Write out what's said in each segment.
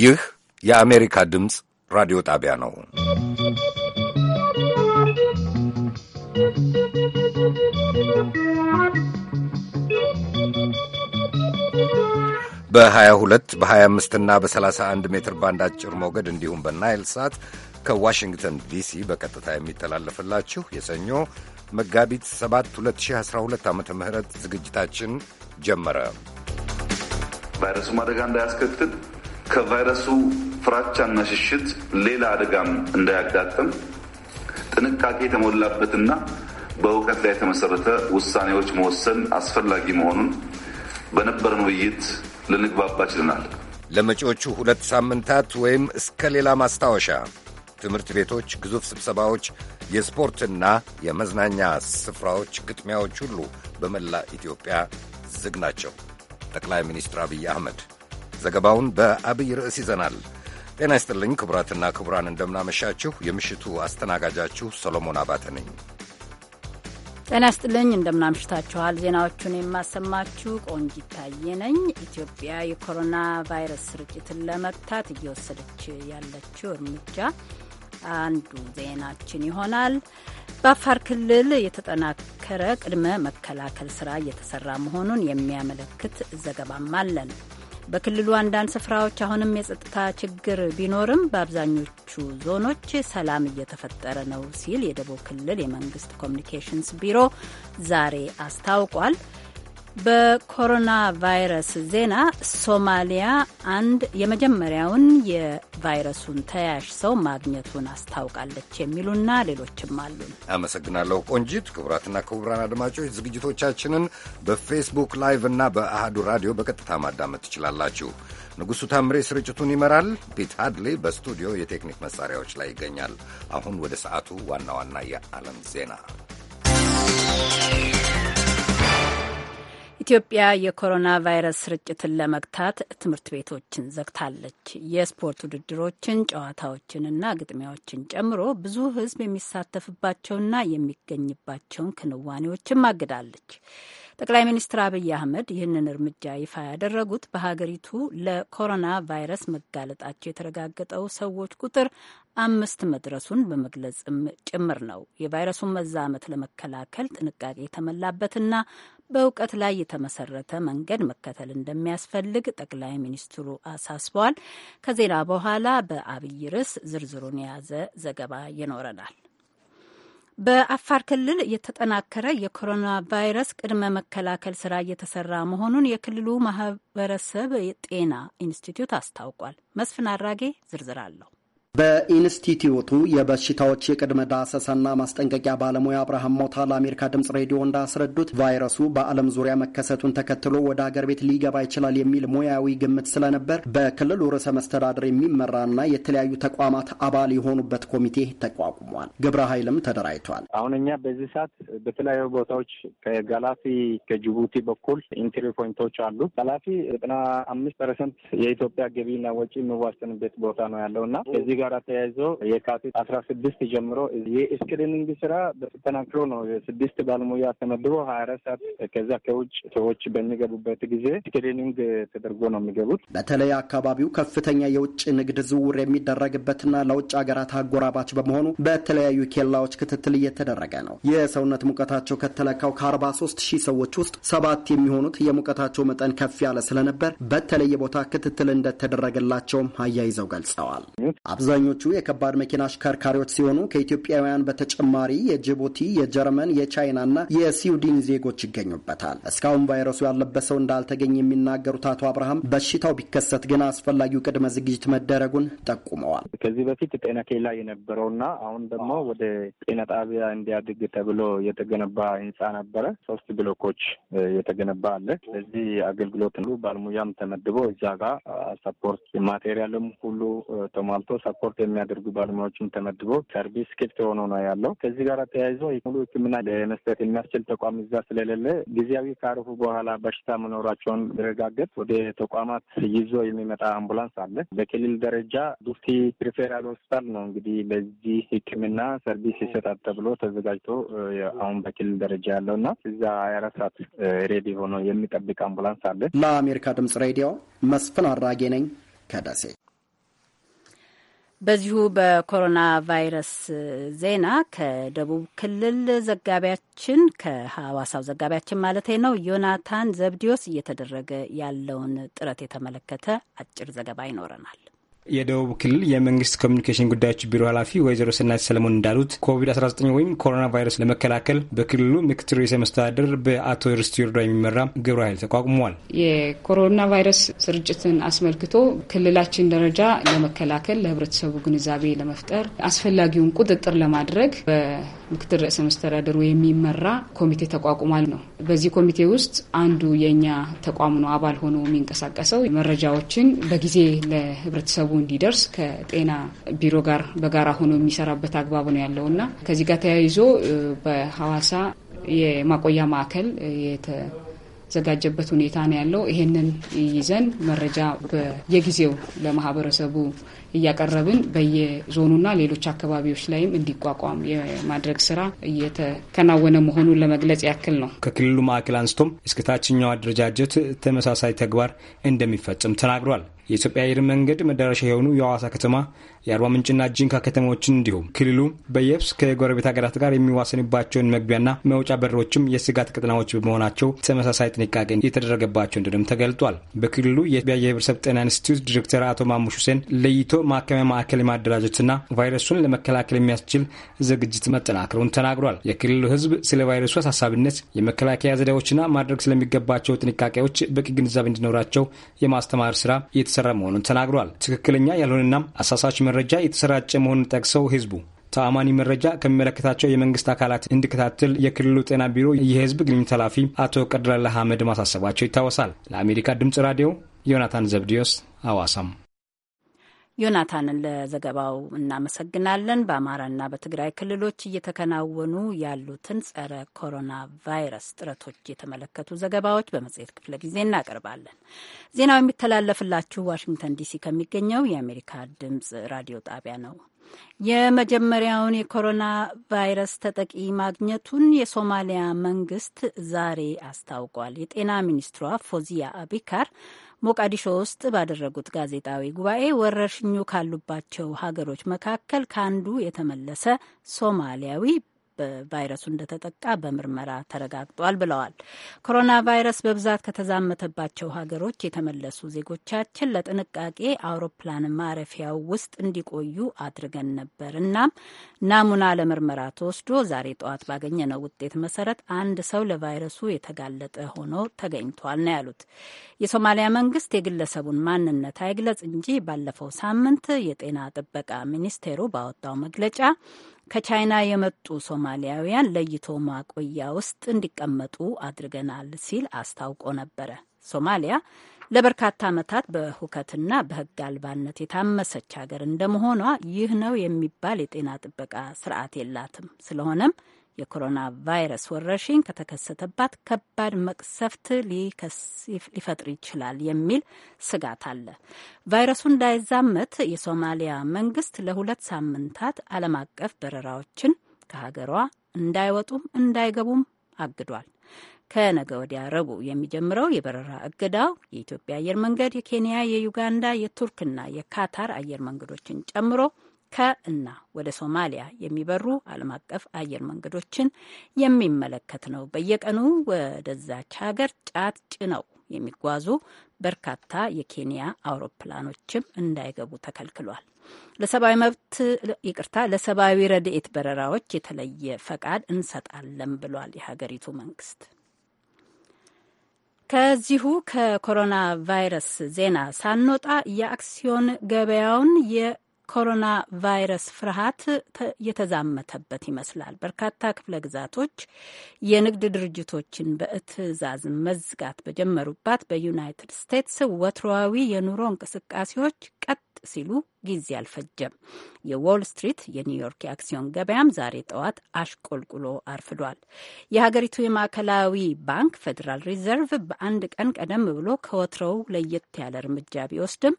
ይህ የአሜሪካ ድምፅ ራዲዮ ጣቢያ ነው። በ22 በ25 እና በ31 ሜትር ባንድ አጭር ሞገድ እንዲሁም በናይል ሳት ከዋሽንግተን ዲሲ በቀጥታ የሚተላለፍላችሁ የሰኞ መጋቢት 7 2012 ዓ ም ዝግጅታችን ጀመረ። ቫይረሱ አደጋ እንዳያስከትል ከቫይረሱ ፍራቻና ሽሽት ሌላ አደጋም እንዳያጋጥም ጥንቃቄ የተሞላበትና በእውቀት ላይ የተመሰረተ ውሳኔዎች መወሰን አስፈላጊ መሆኑን በነበረን ውይይት ልንግባባ ችለናል። ለመጪዎቹ ሁለት ሳምንታት ወይም እስከ ሌላ ማስታወሻ ትምህርት ቤቶች፣ ግዙፍ ስብሰባዎች፣ የስፖርትና የመዝናኛ ስፍራዎች፣ ግጥሚያዎች ሁሉ በመላ ኢትዮጵያ ዝግ ናቸው። ጠቅላይ ሚኒስትር አብይ አህመድ ዘገባውን በአብይ ርዕስ ይዘናል። ጤና ይስጥልኝ ክቡራትና ክቡራን፣ እንደምናመሻችሁ። የምሽቱ አስተናጋጃችሁ ሰሎሞን አባተ ነኝ። ጤና ይስጥልኝ፣ እንደምናምሽታችኋል። ዜናዎቹን የማሰማችሁ ቆንጅ ታዬ ነኝ። ኢትዮጵያ የኮሮና ቫይረስ ስርጭትን ለመግታት እየወሰደች ያለችው እርምጃ አንዱ ዜናችን ይሆናል። በአፋር ክልል የተጠናከረ ቅድመ መከላከል ስራ እየተሰራ መሆኑን የሚያመለክት ዘገባም አለን። በክልሉ አንዳንድ ስፍራዎች አሁንም የጸጥታ ችግር ቢኖርም በአብዛኞቹ ዞኖች ሰላም እየተፈጠረ ነው ሲል የደቡብ ክልል የመንግስት ኮሚኒኬሽንስ ቢሮ ዛሬ አስታውቋል። በኮሮና ቫይረስ ዜና ሶማሊያ አንድ የመጀመሪያውን የቫይረሱን ተያዥ ሰው ማግኘቱን አስታውቃለች የሚሉና ሌሎችም አሉ። አመሰግናለሁ ቆንጂት። ክቡራትና ክቡራን አድማጮች ዝግጅቶቻችንን በፌስቡክ ላይቭ እና በአህዱ ራዲዮ በቀጥታ ማዳመጥ ትችላላችሁ። ንጉሡ ታምሬ ስርጭቱን ይመራል። ፒት ሃድሌ በስቱዲዮ የቴክኒክ መሳሪያዎች ላይ ይገኛል። አሁን ወደ ሰዓቱ ዋና ዋና የዓለም ዜና ኢትዮጵያ የኮሮና ቫይረስ ስርጭትን ለመግታት ትምህርት ቤቶችን ዘግታለች። የስፖርት ውድድሮችን፣ ጨዋታዎችንና ግጥሚያዎችን ጨምሮ ብዙ ሕዝብ የሚሳተፍባቸውና የሚገኝባቸውን ክንዋኔዎችም አግዳለች። ጠቅላይ ሚኒስትር አብይ አህመድ ይህንን እርምጃ ይፋ ያደረጉት በሀገሪቱ ለኮሮና ቫይረስ መጋለጣቸው የተረጋገጠው ሰዎች ቁጥር አምስት መድረሱን በመግለጽም ጭምር ነው። የቫይረሱን መዛመት ለመከላከል ጥንቃቄ የተሞላበትና በእውቀት ላይ የተመሰረተ መንገድ መከተል እንደሚያስፈልግ ጠቅላይ ሚኒስትሩ አሳስበዋል። ከዜና በኋላ በአብይ ርዕስ ዝርዝሩን የያዘ ዘገባ ይኖረናል። በአፋር ክልል የተጠናከረ የኮሮና ቫይረስ ቅድመ መከላከል ስራ እየተሰራ መሆኑን የክልሉ ማህበረሰብ ጤና ኢንስቲትዩት አስታውቋል። መስፍን አራጌ ዝርዝር አለው። በኢንስቲትዩቱ የበሽታዎች የቅድመ ዳሰሳና ማስጠንቀቂያ ባለሙያ አብርሃም ሞታ ለአሜሪካ ድምጽ ሬዲዮ እንዳስረዱት ቫይረሱ በዓለም ዙሪያ መከሰቱን ተከትሎ ወደ አገር ቤት ሊገባ ይችላል የሚል ሙያዊ ግምት ስለነበር በክልሉ ርዕሰ መስተዳድር የሚመራና የተለያዩ ተቋማት አባል የሆኑበት ኮሚቴ ተቋቁሟል። ግብረ ኃይልም ተደራጅቷል። አሁን እኛ በዚህ ሰዓት በተለያዩ ቦታዎች ከጋላፊ ከጅቡቲ በኩል ኢንትሪ ፖይንቶች አሉ። ጋላፊ ዘጠና አምስት ፐርሰንት የኢትዮጵያ ገቢና ወጪ የሚዋሰንበት ቦታ ነው ያለው እና ጋር ተያይዞ የካቲት አስራ ስድስት ጀምሮ የስክሪኒንግ ስራ በተጠናክሮ ነው። ስድስት ባለሙያ ተመድቦ ሀያ አራት ሰዓት ከዛ ከውጭ ሰዎች በሚገቡበት ጊዜ ስክሪኒንግ ተደርጎ ነው የሚገቡት። በተለይ አካባቢው ከፍተኛ የውጭ ንግድ ዝውውር የሚደረግበትና ለውጭ ሀገራት አጎራባች በመሆኑ በተለያዩ ኬላዎች ክትትል እየተደረገ ነው። የሰውነት ሙቀታቸው ከተለካው ከአርባ ሶስት ሺህ ሰዎች ውስጥ ሰባት የሚሆኑት የሙቀታቸው መጠን ከፍ ያለ ስለነበር በተለየ ቦታ ክትትል እንደተደረገላቸውም አያይዘው ገልጸዋል። አብዛኞቹ የከባድ መኪና አሽከርካሪዎች ሲሆኑ ከኢትዮጵያውያን በተጨማሪ የጅቡቲ፣ የጀርመን፣ የቻይና እና የስዊድን ዜጎች ይገኙበታል። እስካሁን ቫይረሱ ያለበት ሰው እንዳልተገኘ የሚናገሩት አቶ አብርሃም በሽታው ቢከሰት ግን አስፈላጊው ቅድመ ዝግጅት መደረጉን ጠቁመዋል። ከዚህ በፊት ጤና ኬላ የነበረውና አሁን ደግሞ ወደ ጤና ጣቢያ እንዲያድግ ተብሎ የተገነባ ህንፃ ነበረ። ሶስት ብሎኮች የተገነባ አለ። ስለዚህ አገልግሎት ባለሙያም ተመድቦ እዛ ጋር ሰፖርት ማቴሪያልም ሁሉ ተሟልቶ ሰፖርት የሚያደርጉ ባለሙያዎችም ተመድቦ ሰርቪስ ክፍት ሆኖ ነው ያለው። ከዚህ ጋር ተያይዞ ሙሉ ሕክምና ለመስጠት የሚያስችል ተቋም እዛ ስለሌለ ጊዜያዊ ካረፉ በኋላ በሽታ መኖራቸውን ረጋገጥ ወደ ተቋማት ይዞ የሚመጣ አምቡላንስ አለ። በክልል ደረጃ ዱፍቲ ሪፌራል ሆስፒታል ነው እንግዲህ ለዚህ ሕክምና ሰርቪስ ይሰጣል ተብሎ ተዘጋጅቶ አሁን በክልል ደረጃ ያለው እና እዛ ሀያ አራት ሰዓት ሬዲ ሆኖ የሚጠብቅ አምቡላንስ አለ። ለአሜሪካ ድምጽ ሬዲዮ መስፍን አራጌ ነኝ ከደሴ። በዚሁ በኮሮና ቫይረስ ዜና ከደቡብ ክልል ዘጋቢያችን ከሐዋሳው ዘጋቢያችን ማለት ነው ዮናታን ዘብዲዮስ እየተደረገ ያለውን ጥረት የተመለከተ አጭር ዘገባ ይኖረናል። የደቡብ ክልል የመንግስት ኮሚኒኬሽን ጉዳዮች ቢሮ ኃላፊ ወይዘሮ ስናት ሰለሞን እንዳሉት ኮቪድ-19 ወይም ኮሮና ቫይረስ ለመከላከል በክልሉ ምክትል ርዕሰ መስተዳደር በአቶ ርስቲ ይርዳ የሚመራ ግብረ ኃይል ተቋቁሟል። የኮሮና ቫይረስ ስርጭትን አስመልክቶ ክልላችን ደረጃ ለመከላከል ለህብረተሰቡ ግንዛቤ ለመፍጠር አስፈላጊውን ቁጥጥር ለማድረግ ምክትል ርዕሰ መስተዳደሩ የሚመራ ኮሚቴ ተቋቁሟል ነው። በዚህ ኮሚቴ ውስጥ አንዱ የእኛ ተቋም ነው አባል ሆኖ የሚንቀሳቀሰው መረጃዎችን በጊዜ ለህብረተሰቡ እንዲደርስ ከጤና ቢሮ ጋር በጋራ ሆኖ የሚሰራበት አግባብ ነው ያለው እና ከዚህ ጋር ተያይዞ በሐዋሳ የማቆያ ማዕከል የተዘጋጀበት ሁኔታ ነው ያለው። ይሄንን ይዘን መረጃ በየጊዜው ለማህበረሰቡ እያቀረብን በየዞኑና ሌሎች አካባቢዎች ላይም እንዲቋቋም የማድረግ ስራ እየተከናወነ መሆኑን ለመግለጽ ያክል ነው። ከክልሉ ማዕከል አንስቶም እስከ ታችኛው አደረጃጀት ተመሳሳይ ተግባር እንደሚፈጽም ተናግሯል። የኢትዮጵያ አየር መንገድ መዳረሻ የሆኑ የሐዋሳ ከተማ የአርባ ምንጭና ጂንካ ከተሞችን እንዲሁም ክልሉ በየብስ ከጎረቤት ሀገራት ጋር የሚዋሰንባቸውን መግቢያና መውጫ በሮችም የስጋት ቀጠናዎች በመሆናቸው ተመሳሳይ ጥንቃቄ የተደረገባቸው እንደሆነም ተገልጧል። በክልሉ የህብረተሰብ ጤና ኢንስቲትዩት ዲሬክተር አቶ ማሙሽ ሁሴን ለይቶ ማከሚያ ማዕከል የማደራጀትና ቫይረሱን ለመከላከል የሚያስችል ዝግጅት መጠናከሩን ተናግሯል። የክልሉ ህዝብ ስለ ቫይረሱ አሳሳቢነት፣ የመከላከያ ዘዴዎችና ማድረግ ስለሚገባቸው ጥንቃቄዎች በቂ ግንዛቤ እንዲኖራቸው የማስተማር ስራ እየተሰራ መሆኑን ተናግሯል። ትክክለኛ ያልሆነና አሳሳች መረጃ የተሰራጨ መሆኑን ጠቅሰው ህዝቡ ተአማኒ መረጃ ከሚመለከታቸው የመንግስት አካላት እንዲከታተል የክልሉ ጤና ቢሮ የህዝብ ግንኙነት ኃላፊ አቶ ቀድራላ አህመድ ማሳሰባቸው ይታወሳል። ለአሜሪካ ድምጽ ራዲዮ ዮናታን ዘብዲዮስ አዋሳም ዮናታንን ለዘገባው እናመሰግናለን። በአማራና በትግራይ ክልሎች እየተከናወኑ ያሉትን ጸረ ኮሮና ቫይረስ ጥረቶች የተመለከቱ ዘገባዎች በመጽሔት ክፍለ ጊዜ እናቀርባለን። ዜናው የሚተላለፍላችሁ ዋሽንግተን ዲሲ ከሚገኘው የአሜሪካ ድምጽ ራዲዮ ጣቢያ ነው። የመጀመሪያውን የኮሮና ቫይረስ ተጠቂ ማግኘቱን የሶማሊያ መንግስት ዛሬ አስታውቋል። የጤና ሚኒስትሯ ፎዚያ አቢካር ሞቃዲሾ ውስጥ ባደረጉት ጋዜጣዊ ጉባኤ ወረርሽኙ ካሉባቸው ሀገሮች መካከል ከአንዱ የተመለሰ ሶማሊያዊ በቫይረሱ እንደተጠቃ በምርመራ ተረጋግጧል ብለዋል። ኮሮና ቫይረስ በብዛት ከተዛመተባቸው ሀገሮች የተመለሱ ዜጎቻችን ለጥንቃቄ አውሮፕላን ማረፊያው ውስጥ እንዲቆዩ አድርገን ነበር። እናም ናሙና ለምርመራ ተወስዶ ዛሬ ጠዋት ባገኘነው ውጤት መሰረት አንድ ሰው ለቫይረሱ የተጋለጠ ሆኖ ተገኝቷል ነው ያሉት። የሶማሊያ መንግስት የግለሰቡን ማንነት አይግለጽ እንጂ ባለፈው ሳምንት የጤና ጥበቃ ሚኒስቴሩ ባወጣው መግለጫ ከቻይና የመጡ ሶማሊያውያን ለይቶ ማቆያ ውስጥ እንዲቀመጡ አድርገናል ሲል አስታውቆ ነበረ። ሶማሊያ ለበርካታ ዓመታት በሁከትና በሕግ አልባነት የታመሰች ሀገር እንደመሆኗ ይህ ነው የሚባል የጤና ጥበቃ ስርዓት የላትም። ስለሆነም የኮሮና ቫይረስ ወረርሽኝ ከተከሰተባት ከባድ መቅሰፍት ሊፈጥር ይችላል የሚል ስጋት አለ። ቫይረሱ እንዳይዛመት የሶማሊያ መንግስት ለሁለት ሳምንታት ዓለም አቀፍ በረራዎችን ከሀገሯ እንዳይወጡም እንዳይገቡም አግዷል። ከነገ ወዲያ ረቡዕ የሚጀምረው የበረራ እገዳው የኢትዮጵያ አየር መንገድ፣ የኬንያ፣ የዩጋንዳ፣ የቱርክና የካታር አየር መንገዶችን ጨምሮ እና ወደ ሶማሊያ የሚበሩ ዓለም አቀፍ አየር መንገዶችን የሚመለከት ነው። በየቀኑ ወደዛች ሀገር ጫት ጭነው የሚጓዙ በርካታ የኬንያ አውሮፕላኖችም እንዳይገቡ ተከልክሏል። ለሰብአዊ መብት ይቅርታ፣ ለሰብአዊ ረድኤት በረራዎች የተለየ ፈቃድ እንሰጣለን ብሏል የሀገሪቱ መንግስት። ከዚሁ ከኮሮና ቫይረስ ዜና ሳንወጣ የአክሲዮን ገበያውን ኮሮና ቫይረስ ፍርሃት የተዛመተበት ይመስላል። በርካታ ክፍለ ግዛቶች የንግድ ድርጅቶችን በትዕዛዝ መዝጋት በጀመሩባት በዩናይትድ ስቴትስ ወትሮዊ የኑሮ እንቅስቃሴዎች ቀጥ ሲሉ ጊዜ አልፈጀም። የዎል ስትሪት የኒውዮርክ የአክሲዮን ገበያም ዛሬ ጠዋት አሽቆልቁሎ አርፍዷል። የሀገሪቱ የማዕከላዊ ባንክ ፌዴራል ሪዘርቭ በአንድ ቀን ቀደም ብሎ ከወትሮው ለየት ያለ እርምጃ ቢወስድም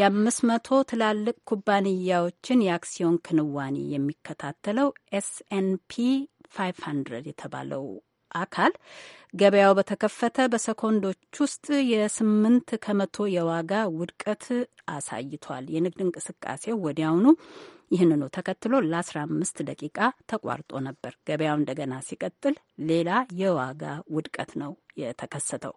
የአምስት መቶ ትላልቅ ኩባንያዎችን የአክሲዮን ክንዋኔ የሚከታተለው ኤስኤንፒ 500 የተባለው አካል ገበያው በተከፈተ በሰኮንዶች ውስጥ የስምንት ከመቶ የዋጋ ውድቀት አሳይቷል። የንግድ እንቅስቃሴው ወዲያውኑ ይህንኑ ተከትሎ ለ15 ደቂቃ ተቋርጦ ነበር። ገበያው እንደገና ሲቀጥል ሌላ የዋጋ ውድቀት ነው የተከሰተው።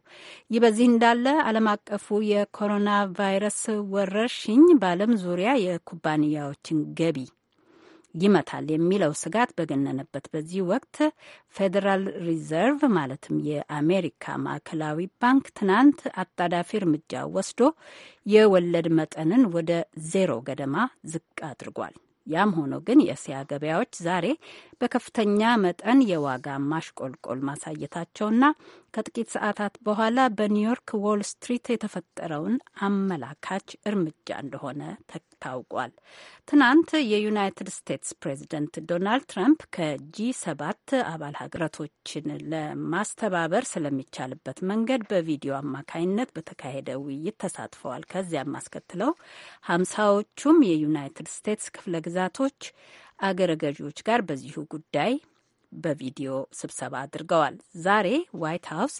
ይህ በዚህ እንዳለ ዓለም አቀፉ የኮሮና ቫይረስ ወረርሽኝ በዓለም ዙሪያ የኩባንያዎችን ገቢ ይመታል የሚለው ስጋት በገነነበት በዚህ ወቅት ፌዴራል ሪዘርቭ ማለትም የአሜሪካ ማዕከላዊ ባንክ ትናንት አጣዳፊ እርምጃ ወስዶ የወለድ መጠንን ወደ ዜሮ ገደማ ዝቅ አድርጓል። ያም ሆኖ ግን የእስያ ገበያዎች ዛሬ በከፍተኛ መጠን የዋጋ ማሽቆልቆል ማሳየታቸውና ከጥቂት ሰዓታት በኋላ በኒውዮርክ ዎል ስትሪት የተፈጠረውን አመላካች እርምጃ እንደሆነ ታውቋል። ትናንት የዩናይትድ ስቴትስ ፕሬዚደንት ዶናልድ ትራምፕ ከጂ ሰባት አባል ሀገራቶችን ለማስተባበር ስለሚቻልበት መንገድ በቪዲዮ አማካይነት በተካሄደ ውይይት ተሳትፈዋል። ከዚያም አስከትለው ሀምሳዎቹም የዩናይትድ ስቴትስ ክፍለ ግዛቶች አገረ ገዢዎች ጋር በዚሁ ጉዳይ በቪዲዮ ስብሰባ አድርገዋል። ዛሬ ዋይት ሀውስ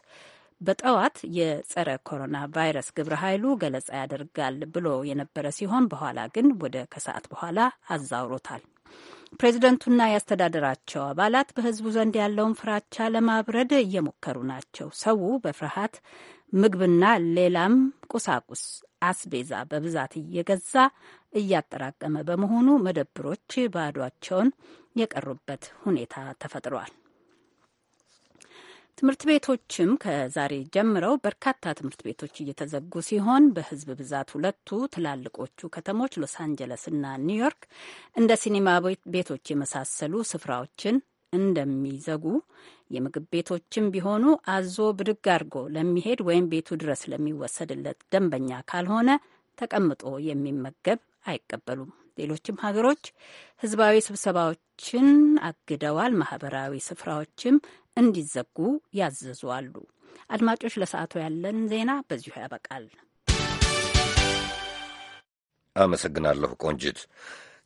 በጠዋት የጸረ ኮሮና ቫይረስ ግብረ ኃይሉ ገለጻ ያደርጋል ብሎ የነበረ ሲሆን በኋላ ግን ወደ ከሰዓት በኋላ አዛውሮታል። ፕሬዝደንቱና የአስተዳደራቸው አባላት በህዝቡ ዘንድ ያለውን ፍራቻ ለማብረድ እየሞከሩ ናቸው። ሰው በፍርሃት ምግብና ሌላም ቁሳቁስ አስቤዛ በብዛት እየገዛ እያጠራቀመ በመሆኑ መደብሮች ባዷቸውን የቀሩበት ሁኔታ ተፈጥሯል። ትምህርት ቤቶችም ከዛሬ ጀምረው በርካታ ትምህርት ቤቶች እየተዘጉ ሲሆን በህዝብ ብዛት ሁለቱ ትላልቆቹ ከተሞች ሎስ አንጀለስ እና ኒውዮርክ እንደ ሲኒማ ቤቶች የመሳሰሉ ስፍራዎችን እንደሚዘጉ የምግብ ቤቶችም ቢሆኑ አዞ ብድግ አድርጎ ለሚሄድ ወይም ቤቱ ድረስ ለሚወሰድለት ደንበኛ ካልሆነ ተቀምጦ የሚመገብ አይቀበሉም። ሌሎችም ሀገሮች ህዝባዊ ስብሰባዎችን አግደዋል። ማህበራዊ ስፍራዎችም እንዲዘጉ ያዘዙ አሉ። አድማጮች፣ ለሰዓቱ ያለን ዜና በዚሁ ያበቃል። አመሰግናለሁ ቆንጂት።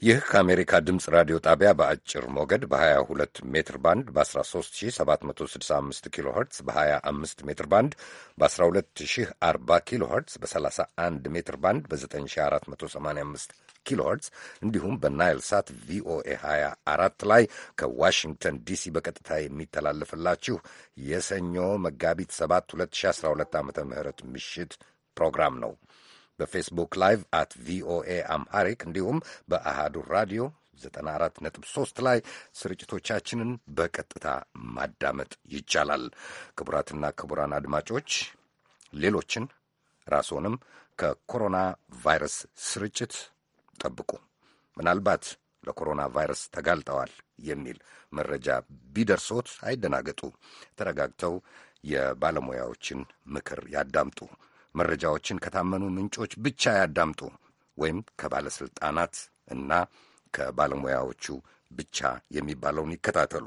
ይህ ከአሜሪካ ድምፅ ራዲዮ ጣቢያ በአጭር ሞገድ በ22 ሜትር ባንድ በ13765 ኪሎ ኸርትዝ በ25 ሜትር ባንድ በ1240 ኪሎ ኸርትዝ በ31 ሜትር ባንድ በ9485 ኪሎሄርትዝ እንዲሁም በናይል ሳት ቪኦኤ 24 ላይ ከዋሽንግተን ዲሲ በቀጥታ የሚተላለፍላችሁ የሰኞ መጋቢት 7 2012 ዓ ም ምሽት ፕሮግራም ነው። በፌስቡክ ላይቭ አት ቪኦኤ አምሃሪክ እንዲሁም በአሃዱ ራዲዮ 94.3 ላይ ስርጭቶቻችንን በቀጥታ ማዳመጥ ይቻላል። ክቡራትና ክቡራን አድማጮች ሌሎችን ራስዎንም ከኮሮና ቫይረስ ስርጭት ጠብቁ። ምናልባት ለኮሮና ቫይረስ ተጋልጠዋል የሚል መረጃ ቢደርሶት አይደናገጡ። ተረጋግተው የባለሙያዎችን ምክር ያዳምጡ። መረጃዎችን ከታመኑ ምንጮች ብቻ ያዳምጡ ወይም ከባለስልጣናት እና ከባለሙያዎቹ ብቻ የሚባለውን ይከታተሉ።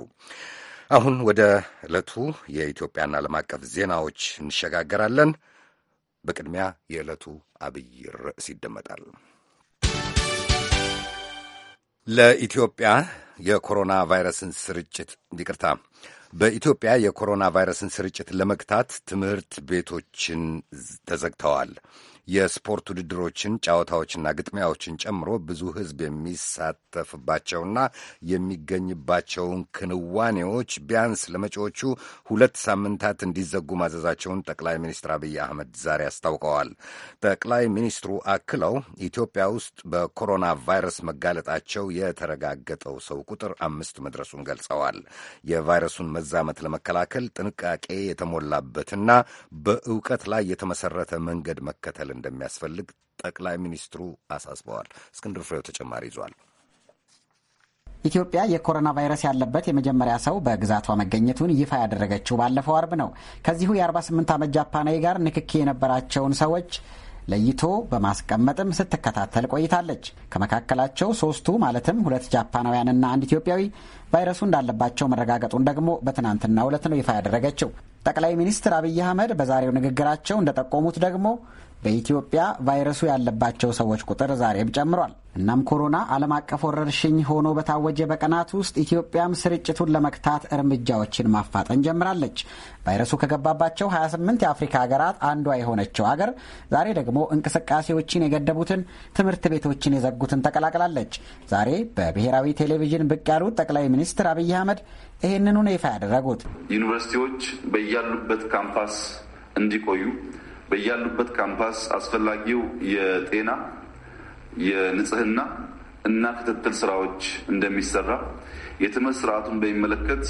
አሁን ወደ ዕለቱ የኢትዮጵያና ዓለም አቀፍ ዜናዎች እንሸጋገራለን። በቅድሚያ የዕለቱ አብይ ርዕስ ይደመጣል። ለኢትዮጵያ የኮሮና ቫይረስን ስርጭት ይቅርታ፣ በኢትዮጵያ የኮሮና ቫይረስን ስርጭት ለመግታት ትምህርት ቤቶችን ተዘግተዋል። የስፖርት ውድድሮችን፣ ጨዋታዎችና ግጥሚያዎችን ጨምሮ ብዙ ሕዝብ የሚሳተፍባቸውና የሚገኝባቸውን ክንዋኔዎች ቢያንስ ለመጪዎቹ ሁለት ሳምንታት እንዲዘጉ ማዘዛቸውን ጠቅላይ ሚኒስትር አብይ አህመድ ዛሬ አስታውቀዋል። ጠቅላይ ሚኒስትሩ አክለው ኢትዮጵያ ውስጥ በኮሮና ቫይረስ መጋለጣቸው የተረጋገጠው ሰው ቁጥር አምስት መድረሱን ገልጸዋል። የቫይረሱን መዛመት ለመከላከል ጥንቃቄ የተሞላበትና በእውቀት ላይ የተመሰረተ መንገድ መከተል እንደሚያስፈልግ ጠቅላይ ሚኒስትሩ አሳስበዋል። እስክንድር ፍሬው ተጨማሪ ይዟል። ኢትዮጵያ የኮሮና ቫይረስ ያለበት የመጀመሪያ ሰው በግዛቷ መገኘቱን ይፋ ያደረገችው ባለፈው አርብ ነው። ከዚሁ የ48 ዓመት ጃፓናዊ ጋር ንክኪ የነበራቸውን ሰዎች ለይቶ በማስቀመጥም ስትከታተል ቆይታለች። ከመካከላቸው ሶስቱ ማለትም ሁለት ጃፓናውያንና አንድ ኢትዮጵያዊ ቫይረሱ እንዳለባቸው መረጋገጡን ደግሞ በትናንትናው ዕለት ነው ይፋ ያደረገችው። ጠቅላይ ሚኒስትር አብይ አህመድ በዛሬው ንግግራቸው እንደጠቆሙት ደግሞ በኢትዮጵያ ቫይረሱ ያለባቸው ሰዎች ቁጥር ዛሬም ጨምሯል። እናም ኮሮና ዓለም አቀፍ ወረርሽኝ ሆኖ በታወጀ በቀናት ውስጥ ኢትዮጵያም ስርጭቱን ለመክታት እርምጃዎችን ማፋጠን ጀምራለች። ቫይረሱ ከገባባቸው 28 የአፍሪካ ሀገራት አንዷ የሆነችው አገር ዛሬ ደግሞ እንቅስቃሴዎችን የገደቡትን፣ ትምህርት ቤቶችን የዘጉትን ተቀላቅላለች። ዛሬ በብሔራዊ ቴሌቪዥን ብቅ ያሉት ጠቅላይ ሚኒስትር አብይ አህመድ ይህንኑ ይፋ ያደረጉት ዩኒቨርሲቲዎች በያሉበት ካምፓስ እንዲቆዩ በያሉበት ካምፓስ አስፈላጊው የጤና የንጽህና እና ክትትል ስራዎች እንደሚሰራ የትምህርት ስርዓቱን በሚመለከት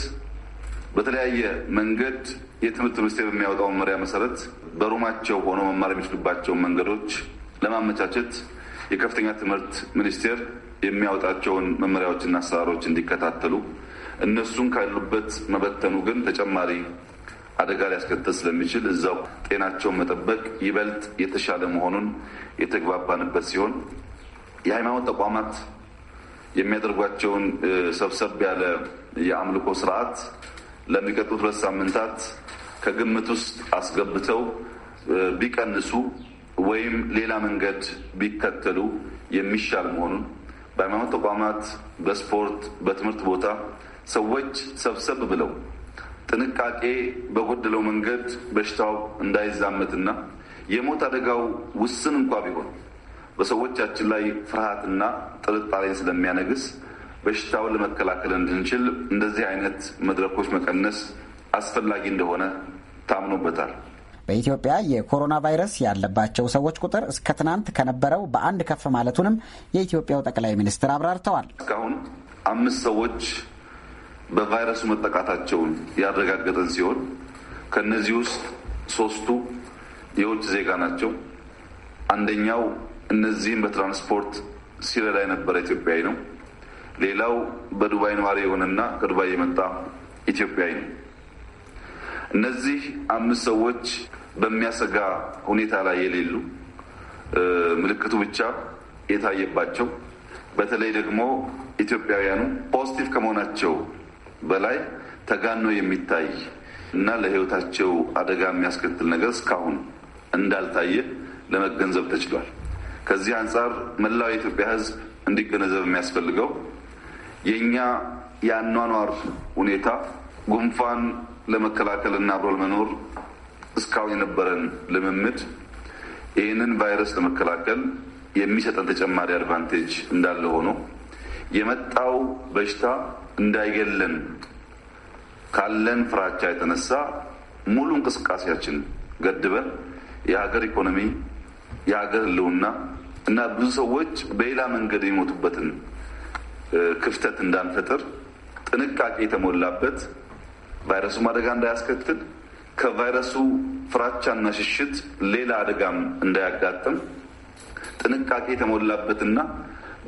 በተለያየ መንገድ የትምህርት ሚኒስቴር በሚያወጣው መመሪያ መሰረት በሩማቸው ሆኖ መማር የሚችሉባቸውን መንገዶች ለማመቻቸት የከፍተኛ ትምህርት ሚኒስቴር የሚያወጣቸውን መመሪያዎችና አሰራሮች እንዲከታተሉ እነሱን ካሉበት መበተኑ ግን ተጨማሪ አደጋ ሊያስከተል ስለሚችል እዛው ጤናቸውን መጠበቅ ይበልጥ የተሻለ መሆኑን የተግባባንበት ሲሆን የሃይማኖት ተቋማት የሚያደርጓቸውን ሰብሰብ ያለ የአምልኮ ስርዓት ለሚቀጥሉት ሁለት ሳምንታት ከግምት ውስጥ አስገብተው ቢቀንሱ ወይም ሌላ መንገድ ቢከተሉ የሚሻል መሆኑን በሃይማኖት ተቋማት፣ በስፖርት፣ በትምህርት ቦታ ሰዎች ሰብሰብ ብለው ጥንቃቄ በጎደለው መንገድ በሽታው እንዳይዛመትና የሞት አደጋው ውስን እንኳ ቢሆን በሰዎቻችን ላይ ፍርሃትና ጥርጣሬን ስለሚያነግስ በሽታውን ለመከላከል እንድንችል እንደዚህ አይነት መድረኮች መቀነስ አስፈላጊ እንደሆነ ታምኖበታል። በኢትዮጵያ የኮሮና ቫይረስ ያለባቸው ሰዎች ቁጥር እስከ ትናንት ከነበረው በአንድ ከፍ ማለቱንም የኢትዮጵያው ጠቅላይ ሚኒስትር አብራርተዋል። እስካሁን አምስት ሰዎች በቫይረሱ መጠቃታቸውን ያረጋገጠን ሲሆን ከእነዚህ ውስጥ ሶስቱ የውጭ ዜጋ ናቸው። አንደኛው እነዚህም በትራንስፖርት ሲረዳ የነበረ ኢትዮጵያዊ ነው። ሌላው በዱባይ ነዋሪ የሆነና ከዱባይ የመጣ ኢትዮጵያዊ ነው። እነዚህ አምስት ሰዎች በሚያሰጋ ሁኔታ ላይ የሌሉ ምልክቱ ብቻ የታየባቸው በተለይ ደግሞ ኢትዮጵያውያኑ ፖዚቲቭ ከመሆናቸው በላይ ተጋኖ የሚታይ እና ለሕይወታቸው አደጋ የሚያስከትል ነገር እስካሁን እንዳልታየ ለመገንዘብ ተችሏል። ከዚህ አንጻር መላው የኢትዮጵያ ሕዝብ እንዲገነዘብ የሚያስፈልገው የእኛ የአኗኗር ሁኔታ ጉንፋን ለመከላከል እና አብሮ ለመኖር እስካሁን የነበረን ልምምድ ይህንን ቫይረስ ለመከላከል የሚሰጠን ተጨማሪ አድቫንቴጅ እንዳለ ሆኖ የመጣው በሽታ እንዳይገለን ካለን ፍራቻ የተነሳ ሙሉ እንቅስቃሴያችን ገድበን የሀገር ኢኮኖሚ፣ የሀገር ህልውና እና ብዙ ሰዎች በሌላ መንገድ የሚሞቱበትን ክፍተት እንዳንፈጥር ጥንቃቄ የተሞላበት ቫይረሱ አደጋ እንዳያስከትል ከቫይረሱ ፍራቻና ሽሽት ሌላ አደጋም እንዳያጋጥም ጥንቃቄ የተሞላበትና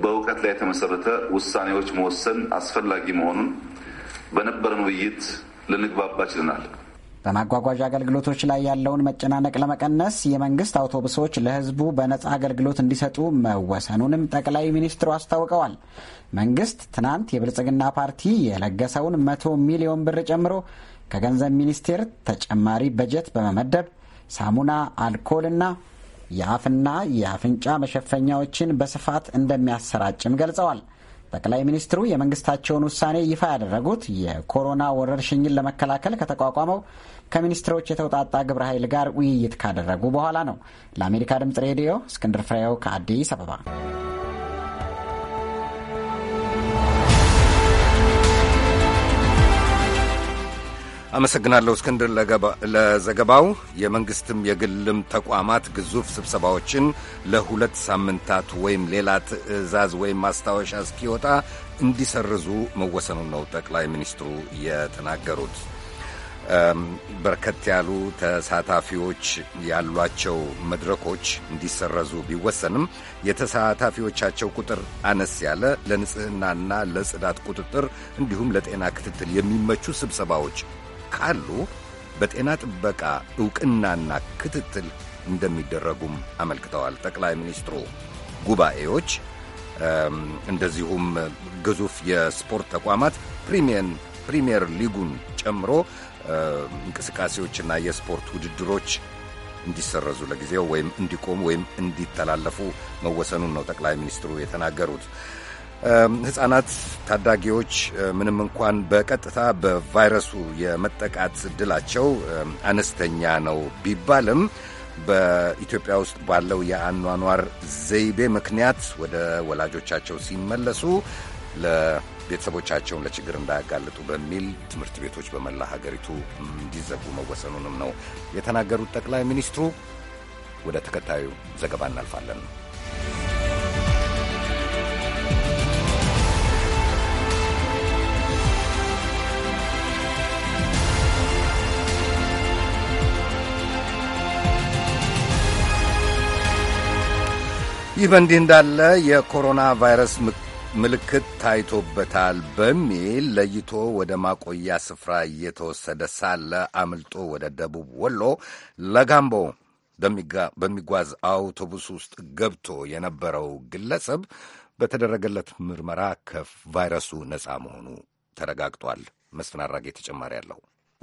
በእውቀት ላይ የተመሰረተ ውሳኔዎች መወሰን አስፈላጊ መሆኑን በነበረን ውይይት ልንግባባ ችለናል። በማጓጓዣ አገልግሎቶች ላይ ያለውን መጨናነቅ ለመቀነስ የመንግስት አውቶቡሶች ለሕዝቡ በነጻ አገልግሎት እንዲሰጡ መወሰኑንም ጠቅላይ ሚኒስትሩ አስታውቀዋል። መንግስት ትናንት የብልጽግና ፓርቲ የለገሰውን መቶ ሚሊዮን ብር ጨምሮ ከገንዘብ ሚኒስቴር ተጨማሪ በጀት በመመደብ ሳሙና፣ አልኮልና የአፍና የአፍንጫ መሸፈኛዎችን በስፋት እንደሚያሰራጭም ገልጸዋል። ጠቅላይ ሚኒስትሩ የመንግስታቸውን ውሳኔ ይፋ ያደረጉት የኮሮና ወረርሽኝን ለመከላከል ከተቋቋመው ከሚኒስትሮች የተውጣጣ ግብረ ኃይል ጋር ውይይት ካደረጉ በኋላ ነው። ለአሜሪካ ድምጽ ሬዲዮ እስክንድር ፍሬው ከአዲስ አበባ አመሰግናለሁ እስክንድር ለዘገባው። የመንግሥትም የግልም ተቋማት ግዙፍ ስብሰባዎችን ለሁለት ሳምንታት ወይም ሌላ ትዕዛዝ ወይም ማስታወሻ እስኪወጣ እንዲሰርዙ መወሰኑን ነው ጠቅላይ ሚኒስትሩ የተናገሩት። በርከት ያሉ ተሳታፊዎች ያሏቸው መድረኮች እንዲሰረዙ ቢወሰንም የተሳታፊዎቻቸው ቁጥር አነስ ያለ ለንጽህናና ለጽዳት ቁጥጥር እንዲሁም ለጤና ክትትል የሚመቹ ስብሰባዎች ካሉ በጤና ጥበቃ ዕውቅናና ክትትል እንደሚደረጉም አመልክተዋል። ጠቅላይ ሚኒስትሩ ጉባኤዎች፣ እንደዚሁም ግዙፍ የስፖርት ተቋማት ፕሪሚየር ሊጉን ጨምሮ እንቅስቃሴዎችና የስፖርት ውድድሮች እንዲሰረዙ ለጊዜው ወይም እንዲቆሙ ወይም እንዲተላለፉ መወሰኑን ነው ጠቅላይ ሚኒስትሩ የተናገሩት። ህጻናት ታዳጊዎች ምንም እንኳን በቀጥታ በቫይረሱ የመጠቃት ዕድላቸው አነስተኛ ነው ቢባልም በኢትዮጵያ ውስጥ ባለው የአኗኗር ዘይቤ ምክንያት ወደ ወላጆቻቸው ሲመለሱ ለቤተሰቦቻቸውን ለችግር እንዳያጋልጡ በሚል ትምህርት ቤቶች በመላ ሀገሪቱ እንዲዘጉ መወሰኑንም ነው የተናገሩት ጠቅላይ ሚኒስትሩ። ወደ ተከታዩ ዘገባ እናልፋለን። ይህ በእንዲህ እንዳለ የኮሮና ቫይረስ ምልክት ታይቶበታል በሚል ለይቶ ወደ ማቆያ ስፍራ እየተወሰደ ሳለ አምልጦ ወደ ደቡብ ወሎ ለጋምቦ በሚጓዝ አውቶቡስ ውስጥ ገብቶ የነበረው ግለሰብ በተደረገለት ምርመራ ከቫይረሱ ነፃ መሆኑ ተረጋግጧል። መስፍን አራጌ ተጨማሪ አለው።